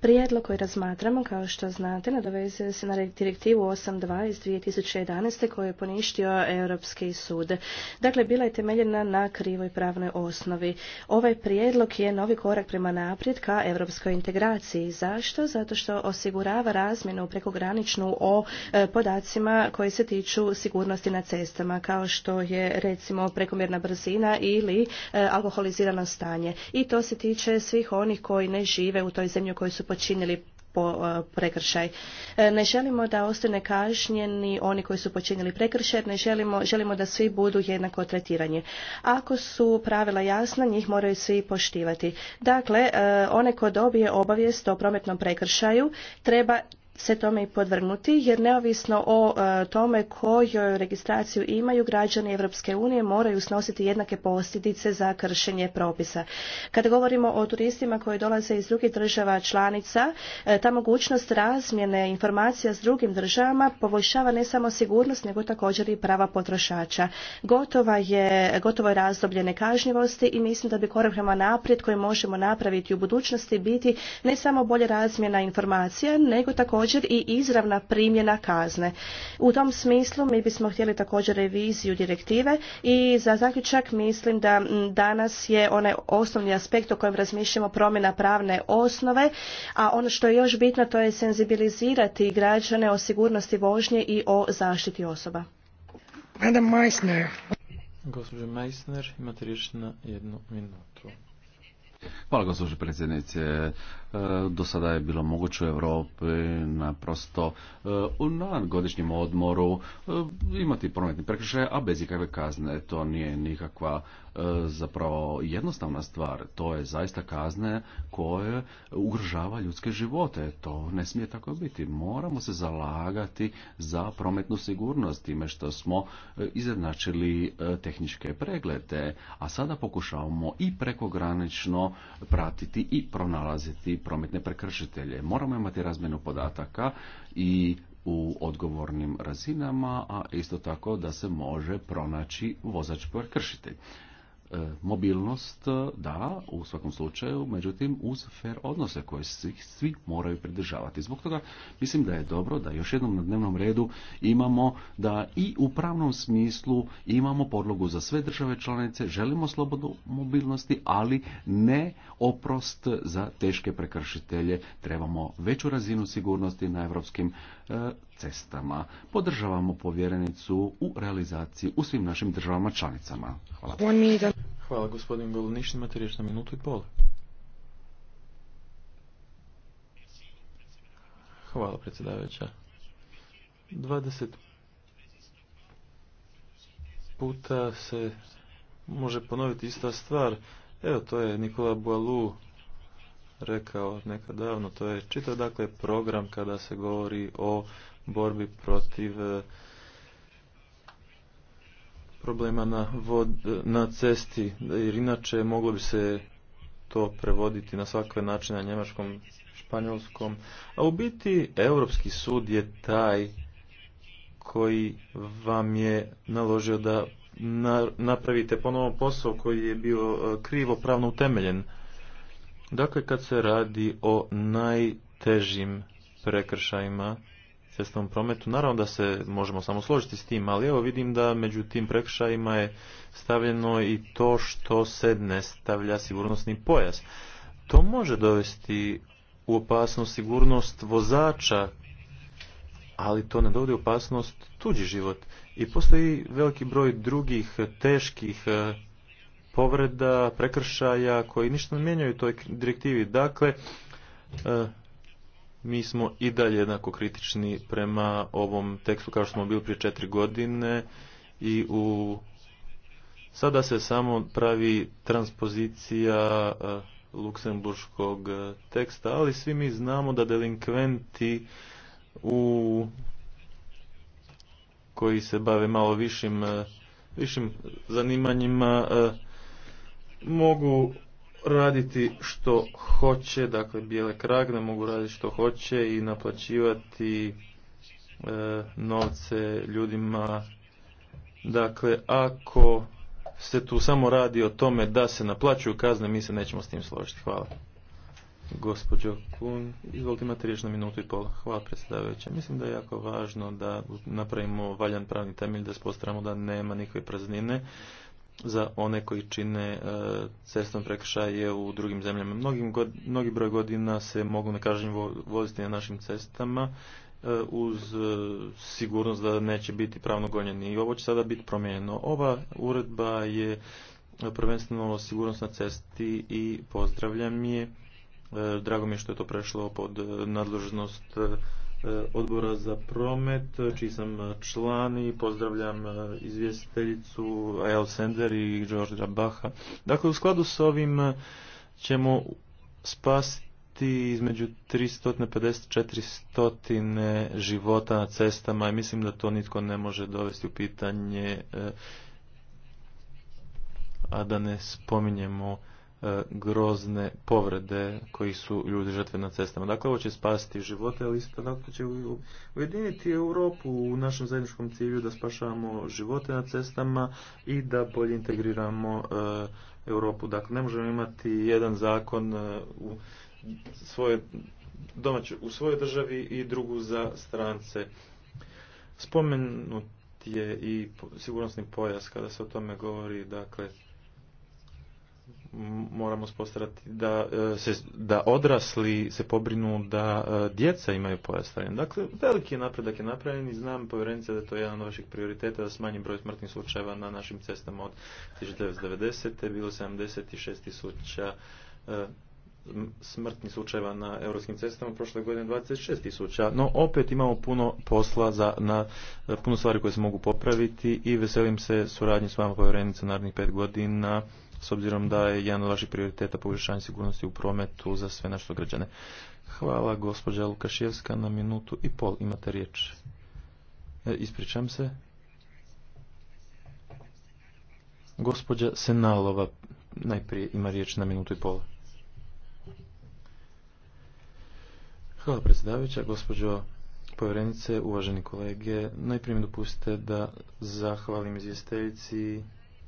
S2: Prijedlog koji razmatramo, kao što znate, nadovezuje se na direktivu 8.2 iz 2011. koju je poništio Europski sud. Dakle, bila je temeljena na krivoj pravnoj osnovi. Ovaj prijedlog je novi korak prema naprijed ka europskoj integraciji. Zašto? Zato što osigurava razmjenu prekograničnu o e, podacima koji se tiču sigurnosti na cestama, kao što je recimo prekomjerna brzina ili e, alkoholizirano stanje. I to se tiče svih onih koji ne žive u toj zemlji u kojoj su počinili e, prekršaj. E, ne želimo da ostane kažnjeni oni koji su počinili prekršaj, ne želimo, želimo da svi budu jednako tretirani. Ako su pravila jasna, njih moraju svi poštivati. Dakle, e, one ko dobije obavijest o prometnom prekršaju treba se tome i podvrnuti, jer neovisno o e, tome koju registraciju imaju građani Europske unije moraju snositi jednake posljedice za kršenje propisa. Kada govorimo o turistima koji dolaze iz drugih država članica, e, ta mogućnost razmjene informacija s drugim državama poboljšava ne samo sigurnost nego također i prava potrošača. Gotova je, gotovo je razdoblje nekažnjivosti i mislim da bi korak prema naprijed koji možemo napraviti u budućnosti biti ne samo bolje razmjena informacija nego također također i izravna primjena kazne. U tom smislu mi bismo htjeli također reviziju direktive i za zaključak mislim da danas je onaj osnovni aspekt o kojem razmišljamo promjena pravne osnove, a ono što je još bitno to je senzibilizirati građane o sigurnosti vožnje i o zaštiti osoba.
S1: Madam Meissner. Meissner, imate riječ na jednu minutu.
S4: Hvala gospođo predsjednice. E, do sada je bilo moguće u Europi naprosto e, na godišnjem odmoru e, imati prometni prekršaj, a bez ikakve kazne. To nije nikakva E, zapravo jednostavna stvar. To je zaista kazne koje ugrožava ljudske živote. To ne smije tako biti. Moramo se zalagati za prometnu sigurnost time što smo e, izjednačili e, tehničke preglede, a sada pokušavamo i prekogranično pratiti i pronalaziti prometne prekršitelje. Moramo imati razmjenu podataka i u odgovornim razinama, a isto tako da se može pronaći vozač prekršitelj. E, mobilnost e, da, u svakom slučaju, međutim uz fair odnose koje svi, svi moraju pridržavati. Zbog toga mislim da je dobro da još jednom na dnevnom redu imamo da i u pravnom smislu imamo podlogu za sve države članice, želimo slobodu mobilnosti, ali ne oprost za teške prekršitelje. Trebamo veću razinu sigurnosti na evropskim E, cestama. Podržavamo povjerenicu u realizaciji u svim našim državama članicama.
S1: Hvala. Hvala gospodin Goluniš, imate riječ na minutu i pol. Hvala predsjedavajuća. 20 puta se može ponoviti ista stvar. Evo to je Nikola Bualu rekao nekad davno, to je čitav dakle program kada se govori o borbi protiv e, problema na, vod, na cesti, jer inače moglo bi se to prevoditi na svakve načine na njemačkom, španjolskom, a u biti Europski sud je taj koji vam je naložio da napravite ponovo posao koji je bio e, krivo pravno utemeljen. Dakle, kad se radi o najtežim prekršajima cestovnom prometu, naravno da se možemo samo složiti s tim, ali evo vidim da među tim prekršajima je stavljeno i to što se ne stavlja sigurnosni pojas. To može dovesti u opasnost sigurnost vozača, ali to ne dovodi u opasnost tuđi život. I postoji veliki broj drugih teških povreda, prekršaja koji ništa ne mijenjaju toj direktivi. Dakle, e, mi smo i dalje jednako kritični prema ovom tekstu kao što smo bili prije četiri godine i u sada se samo pravi transpozicija e, luksemburškog e, teksta, ali svi mi znamo da delinkventi u koji se bave malo višim, višim zanimanjima mogu raditi što hoće, dakle bijele kragne mogu raditi što hoće i naplaćivati e, novce ljudima. Dakle, ako se tu samo radi o tome da se naplaćuju kazne, mi se nećemo s tim složiti. Hvala. Gospođo Kun, izvolite imate riječ na minutu i pol. Hvala predsjedavajuća. Mislim da je jako važno da napravimo valjan pravni temelj, da spostramo da nema nikakve praznine za one koji čine e, cestom prekršaje u drugim zemljama. Mnogi, mnogi broj godina se mogu nekažnjivo voziti na našim cestama e, uz e, sigurnost da neće biti pravno gonjeni. I ovo će sada biti promijenjeno. Ova uredba je prvenstveno sigurnost na cesti i pozdravljam je. Drago mi je što je to prešlo pod nadležnost E, odbora za promet, e, čiji sam e, član i pozdravljam izvjestiteljicu El Sender i George Baha. Dakle, u skladu s ovim ćemo spasti između 350-400 života na cestama i mislim da to nitko ne može dovesti u pitanje, a da ne spominjemo E, grozne povrede koji su ljudi žrtve na cestama. Dakle, ovo će spasiti živote, ali isto tako će ujediniti Europu u našem zajedničkom cilju da spašavamo živote na cestama i da bolje integriramo e, Europu. Dakle, ne možemo imati jedan zakon e, u svoje u svojoj državi i drugu za strance. Spomenut je i sigurnosni pojas kada se o tome govori, dakle, moramo spostarati da, e, se, da odrasli se pobrinu da e, djeca imaju pojastavljanje. Dakle, veliki je napredak je napravljen i znam povjerenica da je to jedan od vaših prioriteta da smanji broj smrtnih slučajeva na našim cestama od 1990. Bilo 76 tisuća e, smrtnih slučajeva na europskim cestama prošle godine 26 tisuća. No opet imamo puno posla za, na puno stvari koje se mogu popraviti i veselim se suradnji s vama povjerenica narednih pet godina s obzirom da je jedan od vaših prioriteta poboljšanje sigurnosti u prometu za sve naše građane. Hvala gospođa Lukaševska na minutu i pol imate riječ. E, ispričam se. Gospođa Senalova najprije ima riječ na minutu i pol. Hvala predsjedavajuća, gospođo povjerenice, uvaženi kolege. Najprije mi dopustite da zahvalim izvjestiteljici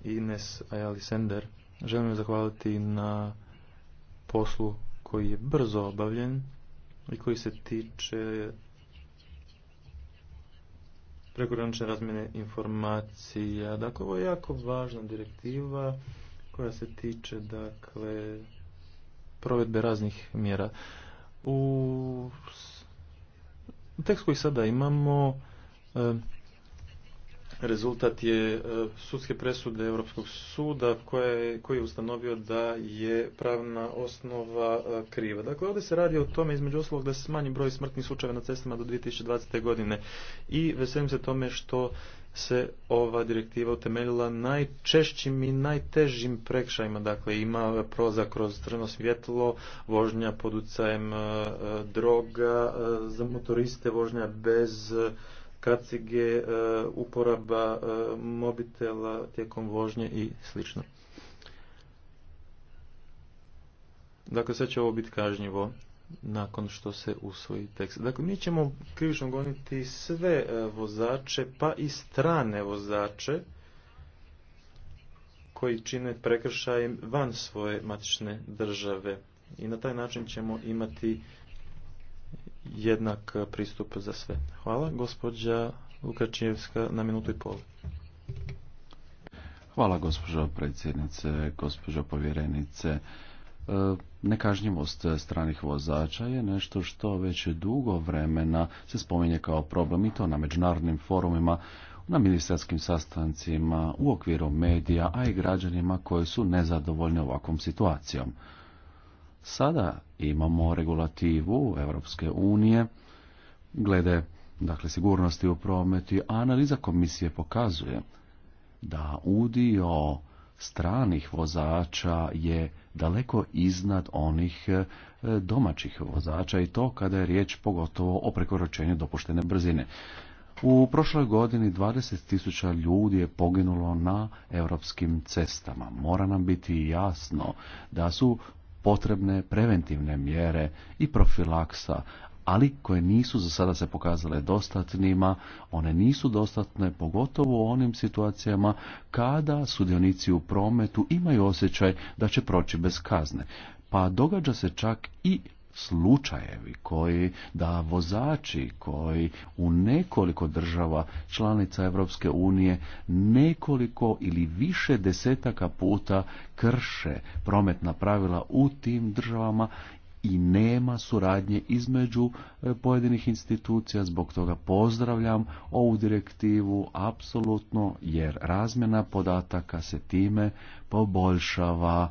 S1: Ines Ajali Sender Želim zahvaliti na poslu koji je brzo obavljen i koji se tiče prekogranične razmjene informacija. Dakle, ovo je jako važna direktiva koja se tiče dakle provedbe raznih mjera. U tekst koji sada imamo e, rezultat je e, sudske presude Europskog suda koji je ustanovio da je pravna osnova e, kriva. Dakle, ovdje se radi o tome između ostalog da se smanji broj smrtnih slučajeva na cestama do 2020. godine i veselim se tome što se ova direktiva utemeljila najčešćim i najtežim prekšajima. Dakle, ima proza kroz crno svjetlo, vožnja pod utjecajem e, droga, za motoriste vožnja bez kacige, e, uporaba e, mobitela tijekom vožnje i slično. Dakle, sve će ovo biti kažnjivo nakon što se usvoji tekst. Dakle, mi ćemo krivično goniti sve e, vozače, pa i strane vozače koji čine prekršaj van svoje matične države. I na taj način ćemo imati jednak eh, pristup za sve. Hvala. Gospođa Lukačijevska na minutu i pol.
S4: Hvala gospođo predsjednice, gospođo povjerenice. Eh, nekažnjivost stranih vozača je nešto što već dugo vremena se spominje kao problem i to na međunarodnim forumima, na ministarskim sastancima, u okviru medija, a i građanima koji su nezadovoljni ovakvom situacijom. Sada imamo regulativu Europske unije glede dakle, sigurnosti u prometu, a analiza komisije pokazuje da udio stranih vozača je daleko iznad onih e, domaćih vozača i to kada je riječ pogotovo o prekoračenju dopuštene brzine. U prošloj godini 20.000 ljudi je poginulo na europskim cestama. Mora nam biti jasno da su potrebne preventivne mjere i profilaksa, ali koje nisu za sada se pokazale dostatnima, one nisu dostatne pogotovo u onim situacijama kada sudionici u prometu imaju osjećaj da će proći bez kazne. Pa događa se čak i slučajevi koji da vozači koji u nekoliko država članica Europske unije nekoliko ili više desetaka puta krše prometna pravila u tim državama i nema suradnje između e, pojedinih institucija, zbog toga pozdravljam ovu direktivu apsolutno jer razmjena podataka se time poboljšava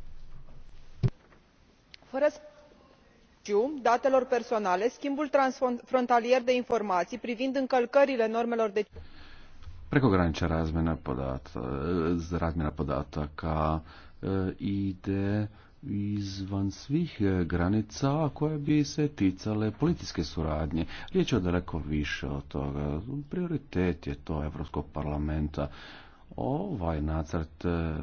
S5: fără să datelor personale schimbul transfrontalier de informații
S2: privind încălcările normelor de.
S4: prekogranična razmjena podataka, podataka e, ide izvan svih e, granica koje bi se ticale politiske suradnje. Riječ je daleko više od toga. Prioritet je to Europskog parlamenta Ovaj nacrt e,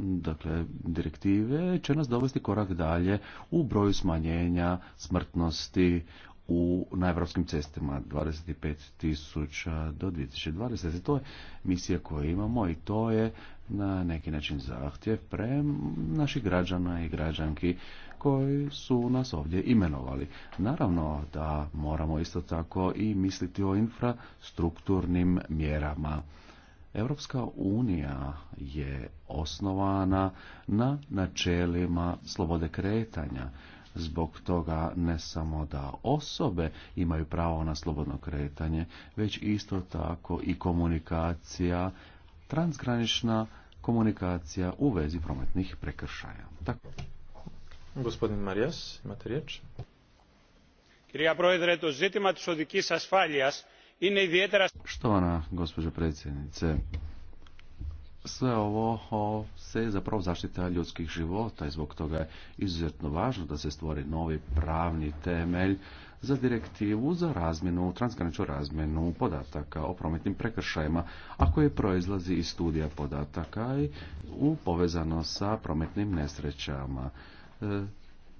S4: dakle, direktive će nas dovesti korak dalje u broju smanjenja smrtnosti u, na evropskim cestama 25.000 do 2020. To je misija koju imamo i to je na neki način zahtjev pre naših građana i građanki koji su nas ovdje imenovali. Naravno da moramo isto tako i misliti o infrastrukturnim mjerama Europska unija je osnovana na načelima slobode kretanja. Zbog toga ne samo da osobe imaju pravo na slobodno kretanje, već isto tako i komunikacija, transgranična komunikacija u vezi prometnih prekršaja. Tako.
S1: Gospodin Marijas, imate riječ.
S6: Kirija proedre, to zitima
S4: Štovana gospođo predsjednice, sve ovo se zapravo zaštita ljudskih života i zbog toga je izuzetno važno da se stvori novi pravni temelj za direktivu za razmjenu, transgraničnu razmjenu podataka o prometnim prekršajima, a koje proizlazi iz studija podataka i u povezano sa prometnim nesrećama e,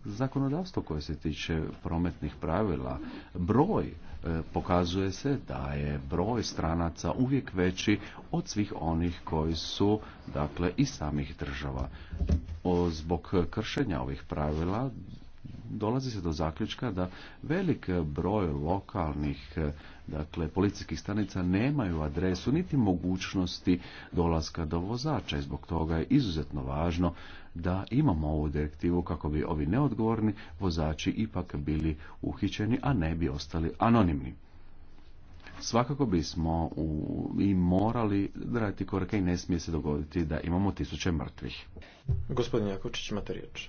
S4: zakonodavstvo koje se tiče prometnih pravila. Broj e, pokazuje se da je broj stranaca uvijek veći od svih onih koji su dakle i samih država. zbog kršenja ovih pravila dolazi se do zaključka da velik broj lokalnih eh, dakle policijskih stanica nemaju adresu niti mogućnosti dolaska do vozača i zbog toga je izuzetno važno da imamo ovu direktivu kako bi ovi neodgovorni vozači ipak bili uhićeni, a ne bi ostali anonimni svakako bismo i morali raditi korake i ne smije se dogoditi da
S1: imamo tisuće mrtvih.
S6: Gospodin Jakočić, imate riječ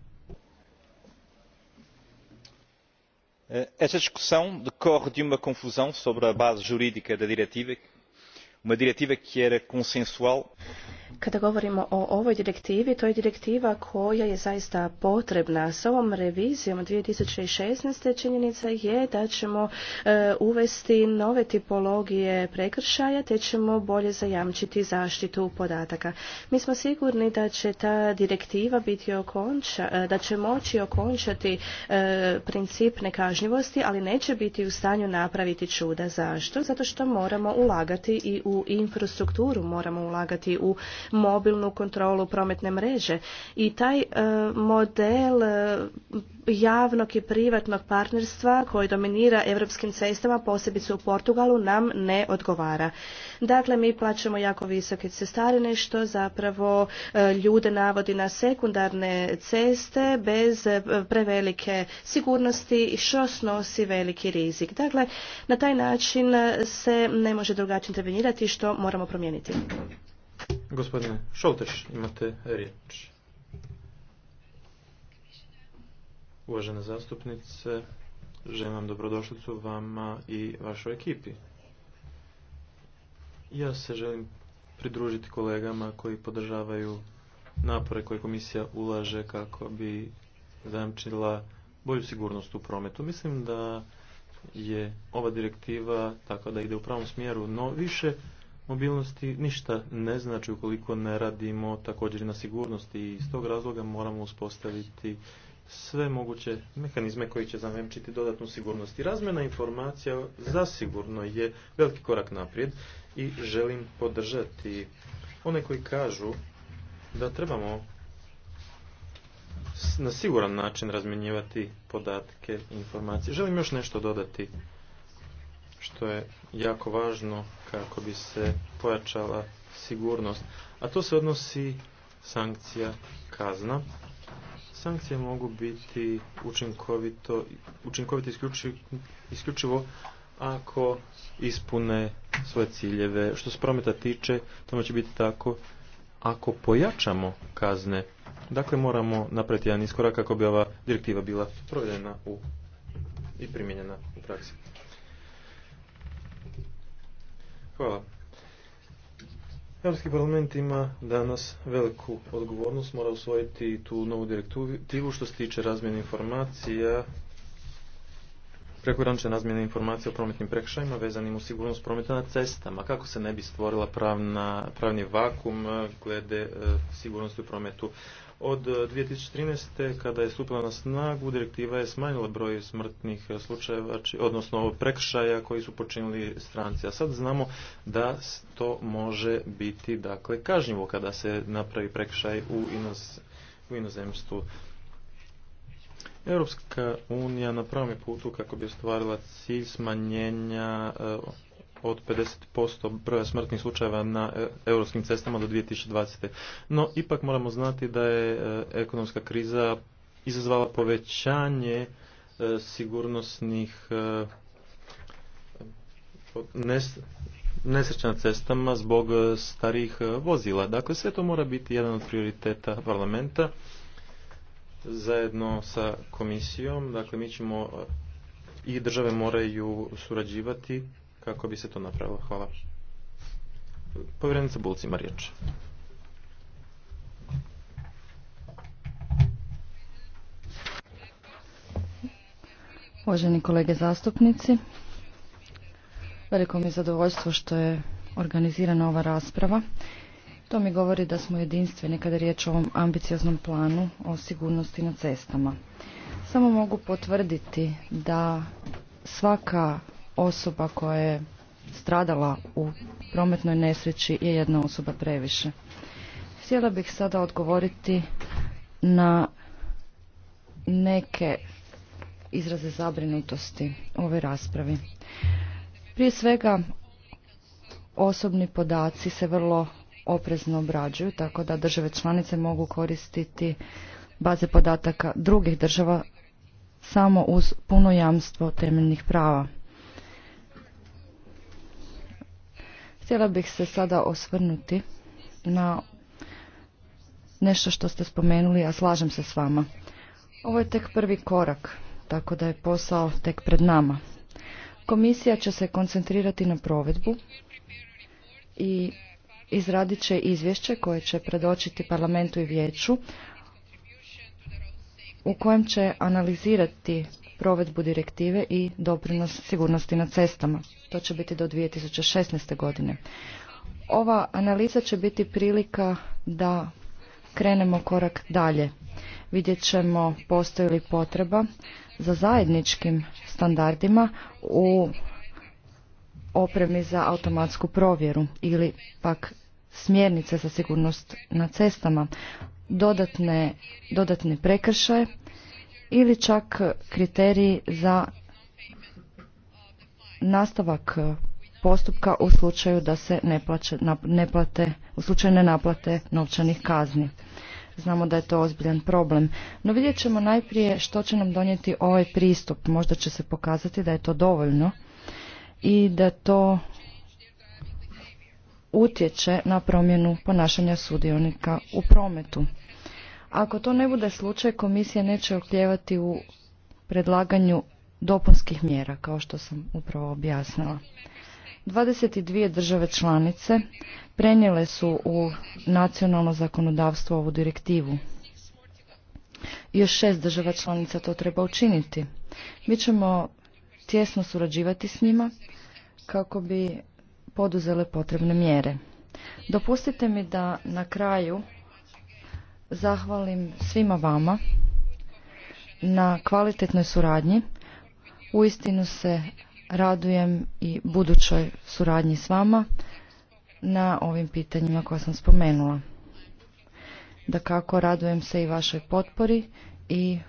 S1: Eh, esta discussão decorre de uma confusão sobre a base jurídica da diretiva uma diretiva que era consensual.
S2: Kada govorimo o ovoj direktivi, to je direktiva koja je zaista potrebna. S ovom revizijom 2016. činjenica je da ćemo e, uvesti nove tipologije prekršaja te ćemo bolje zajamčiti zaštitu podataka. Mi smo sigurni da će ta direktiva biti okonča, e, da će moći okončati e, princip nekažnjivosti, ali neće biti u stanju napraviti čuda. Zašto? Zato što moramo ulagati i u infrastrukturu, moramo ulagati u mobilnu kontrolu prometne mreže i taj e, model e, javnog i privatnog partnerstva koji dominira europskim cestama, posebice u Portugalu, nam ne odgovara. Dakle, mi plaćamo jako visoke cestarine što zapravo e, ljude navodi na sekundarne ceste bez prevelike sigurnosti i što snosi veliki rizik. Dakle, na taj način se ne može drugačije intervenirati što moramo
S1: promijeniti. Gospodine Šolteš, imate riječ. Uvažene zastupnice, želim vam dobrodošlicu vama i vašoj ekipi. Ja se želim pridružiti kolegama koji podržavaju napore koje komisija ulaže kako bi zamčila bolju sigurnost u prometu. Mislim da je ova direktiva tako da ide u pravom smjeru, no više mobilnosti ništa ne znači ukoliko ne radimo također i na sigurnosti i iz tog razloga moramo uspostaviti sve moguće mehanizme koji će zamemčiti dodatnu sigurnost. I razmjena informacija zasigurno je veliki korak naprijed i želim podržati one koji kažu da trebamo na siguran način razmjenjivati podatke i informacije. Želim još nešto dodati što je jako važno kako bi se pojačala sigurnost. A to se odnosi sankcija kazna. Sankcije mogu biti učinkovito, učinkovito isključivo, ako ispune svoje ciljeve. Što se prometa tiče, tome će biti tako ako pojačamo kazne. Dakle, moramo napraviti jedan iskorak kako bi ova direktiva bila provedena u, i primijenjena u praksi. Hvala. Europski parlament ima danas veliku odgovornost, mora usvojiti tu novu direktivu što se tiče razmjene informacija, prekogranične razmjene informacija o prometnim prekršajima vezanim u sigurnost prometa na cestama, kako se ne bi stvorila pravni vakum glede e, sigurnosti u prometu. Od 2013. E, kada je stupila na snagu, direktiva je smanjila broj smrtnih e, slučajeva, odnosno prekršaja koji su počinili stranci. A sad znamo da to može biti dakle, kažnjivo kada se napravi prekršaj u, inoz, u inozemstvu. Europska unija na pravom je putu kako bi ostvarila cilj smanjenja e, od 50% broja smrtnih slučajeva na e, europskim cestama do 2020. No, ipak moramo znati da je e, ekonomska kriza izazvala povećanje e, sigurnosnih nesreća na cestama zbog starih vozila. Dakle, sve to mora biti jedan od prioriteta parlamenta zajedno sa komisijom. Dakle, mi ćemo i države moraju surađivati kako bi se to napravilo. Hvala. Povjerenica Bulci ima riječ.
S5: Uvaženi kolege zastupnici, veliko mi je zadovoljstvo što je organizirana ova rasprava. To mi govori da smo jedinstveni kada je riječ o ovom ambicioznom planu o sigurnosti na cestama. Samo mogu potvrditi da svaka osoba koja je stradala u prometnoj nesreći je jedna osoba previše. Htjela bih sada odgovoriti na neke izraze zabrinutosti u ovoj raspravi. Prije svega, osobni podaci se vrlo oprezno obrađuju, tako da države članice mogu koristiti baze podataka drugih država samo uz puno jamstvo temeljnih prava. Htjela bih se sada osvrnuti na nešto što ste spomenuli, a slažem se s vama. Ovo je tek prvi korak, tako da je posao tek pred nama. Komisija će se koncentrirati na provedbu i izradit će izvješće koje će predočiti parlamentu i vijeću u kojem će analizirati provedbu direktive i doprinos sigurnosti na cestama. To će biti do 2016. godine. Ova analiza će biti prilika da krenemo korak dalje. Vidjet ćemo postoji li potreba za zajedničkim standardima u opremi za automatsku provjeru ili pak smjernice za sigurnost na cestama, dodatne, dodatne prekršaje ili čak kriteriji za nastavak postupka u slučaju da se ne, plaće, plate, u slučaju ne naplate novčanih kazni. Znamo da je to ozbiljan problem. No vidjet ćemo najprije što će nam donijeti ovaj pristup. Možda će se pokazati da je to dovoljno i da to utječe na promjenu ponašanja sudionika u prometu. Ako to ne bude slučaj, komisija neće okljevati u predlaganju dopunskih mjera, kao što sam upravo objasnila. 22 države članice prenijele su u nacionalno zakonodavstvo ovu direktivu. Još šest država članica to treba učiniti. Mi ćemo tjesno surađivati s njima kako bi poduzele potrebne mjere. Dopustite mi da na kraju zahvalim svima vama na kvalitetnoj suradnji. Uistinu se radujem i budućoj suradnji s vama na ovim pitanjima koja sam spomenula. Da kako radujem se i vašoj potpori i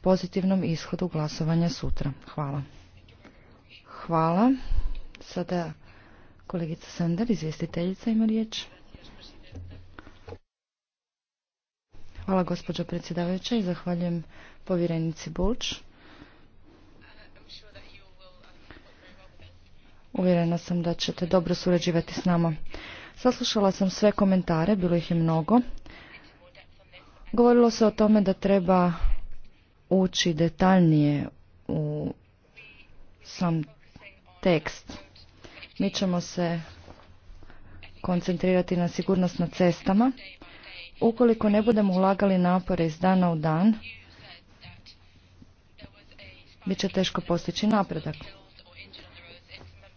S5: pozitivnom ishodu glasovanja sutra. Hvala. Hvala. Sada kolegica Sandar, izvjestiteljica, ima riječ. Hvala gospođo predsjedavajuća i zahvaljujem povjerenici Bulč. Uvjerena sam da ćete dobro surađivati s nama. Saslušala sam sve komentare, bilo ih je mnogo. Govorilo se o tome da treba ući detaljnije u sam tekst. Mi ćemo se koncentrirati na sigurnost na cestama ukoliko ne budemo ulagali napore iz dana u dan, bit će teško postići napredak.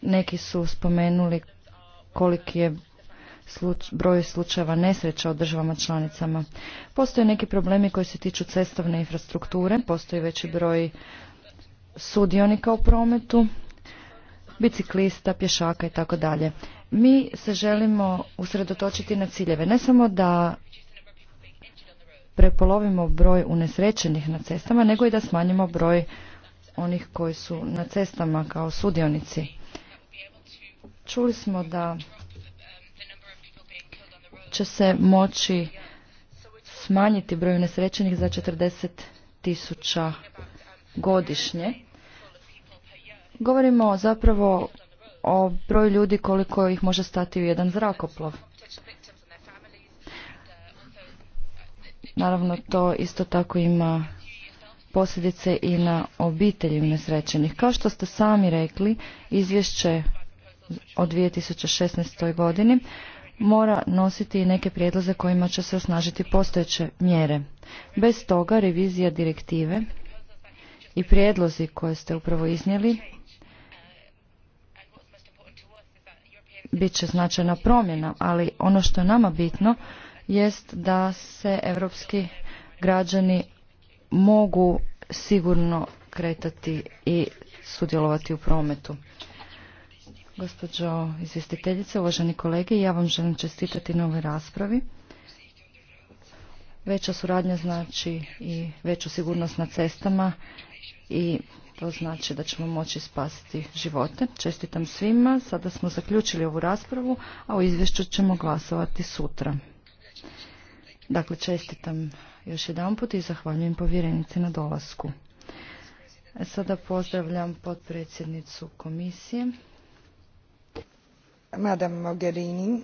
S5: Neki su spomenuli koliki je broj slučajeva nesreća u državama članicama. Postoje neki problemi koji se tiču cestovne infrastrukture, postoji veći broj sudionika u prometu, biciklista, pješaka i tako dalje. Mi se želimo usredotočiti na ciljeve, ne samo da prepolovimo broj unesrećenih na cestama, nego i da smanjimo broj onih koji su na cestama kao sudionici. Čuli smo da će se moći smanjiti broj unesrećenih za 40 tisuća godišnje. Govorimo zapravo o broju ljudi koliko ih može stati u jedan zrakoplov. Naravno, to isto tako ima posljedice i na obitelji nesrećenih. Kao što ste sami rekli, izvješće o 2016. godini mora nositi i neke prijedloze kojima će se osnažiti postojeće mjere. Bez toga revizija direktive i prijedlozi koje ste upravo iznijeli bit će značajna promjena, ali ono što je nama bitno jest da se europski građani mogu sigurno kretati i sudjelovati u prometu. Gospođo izvjestiteljice, uvaženi kolege, ja vam želim čestitati na ovoj raspravi. Veća suradnja znači i veću sigurnost na cestama i to znači da ćemo moći spasiti živote. Čestitam svima, sada smo zaključili ovu raspravu, a o izvješću ćemo glasovati sutra. Dakle, čestitam još jedan put i zahvaljujem povjerenici na dolasku. Sada pozdravljam potpredsjednicu komisije. Madame Mogherini.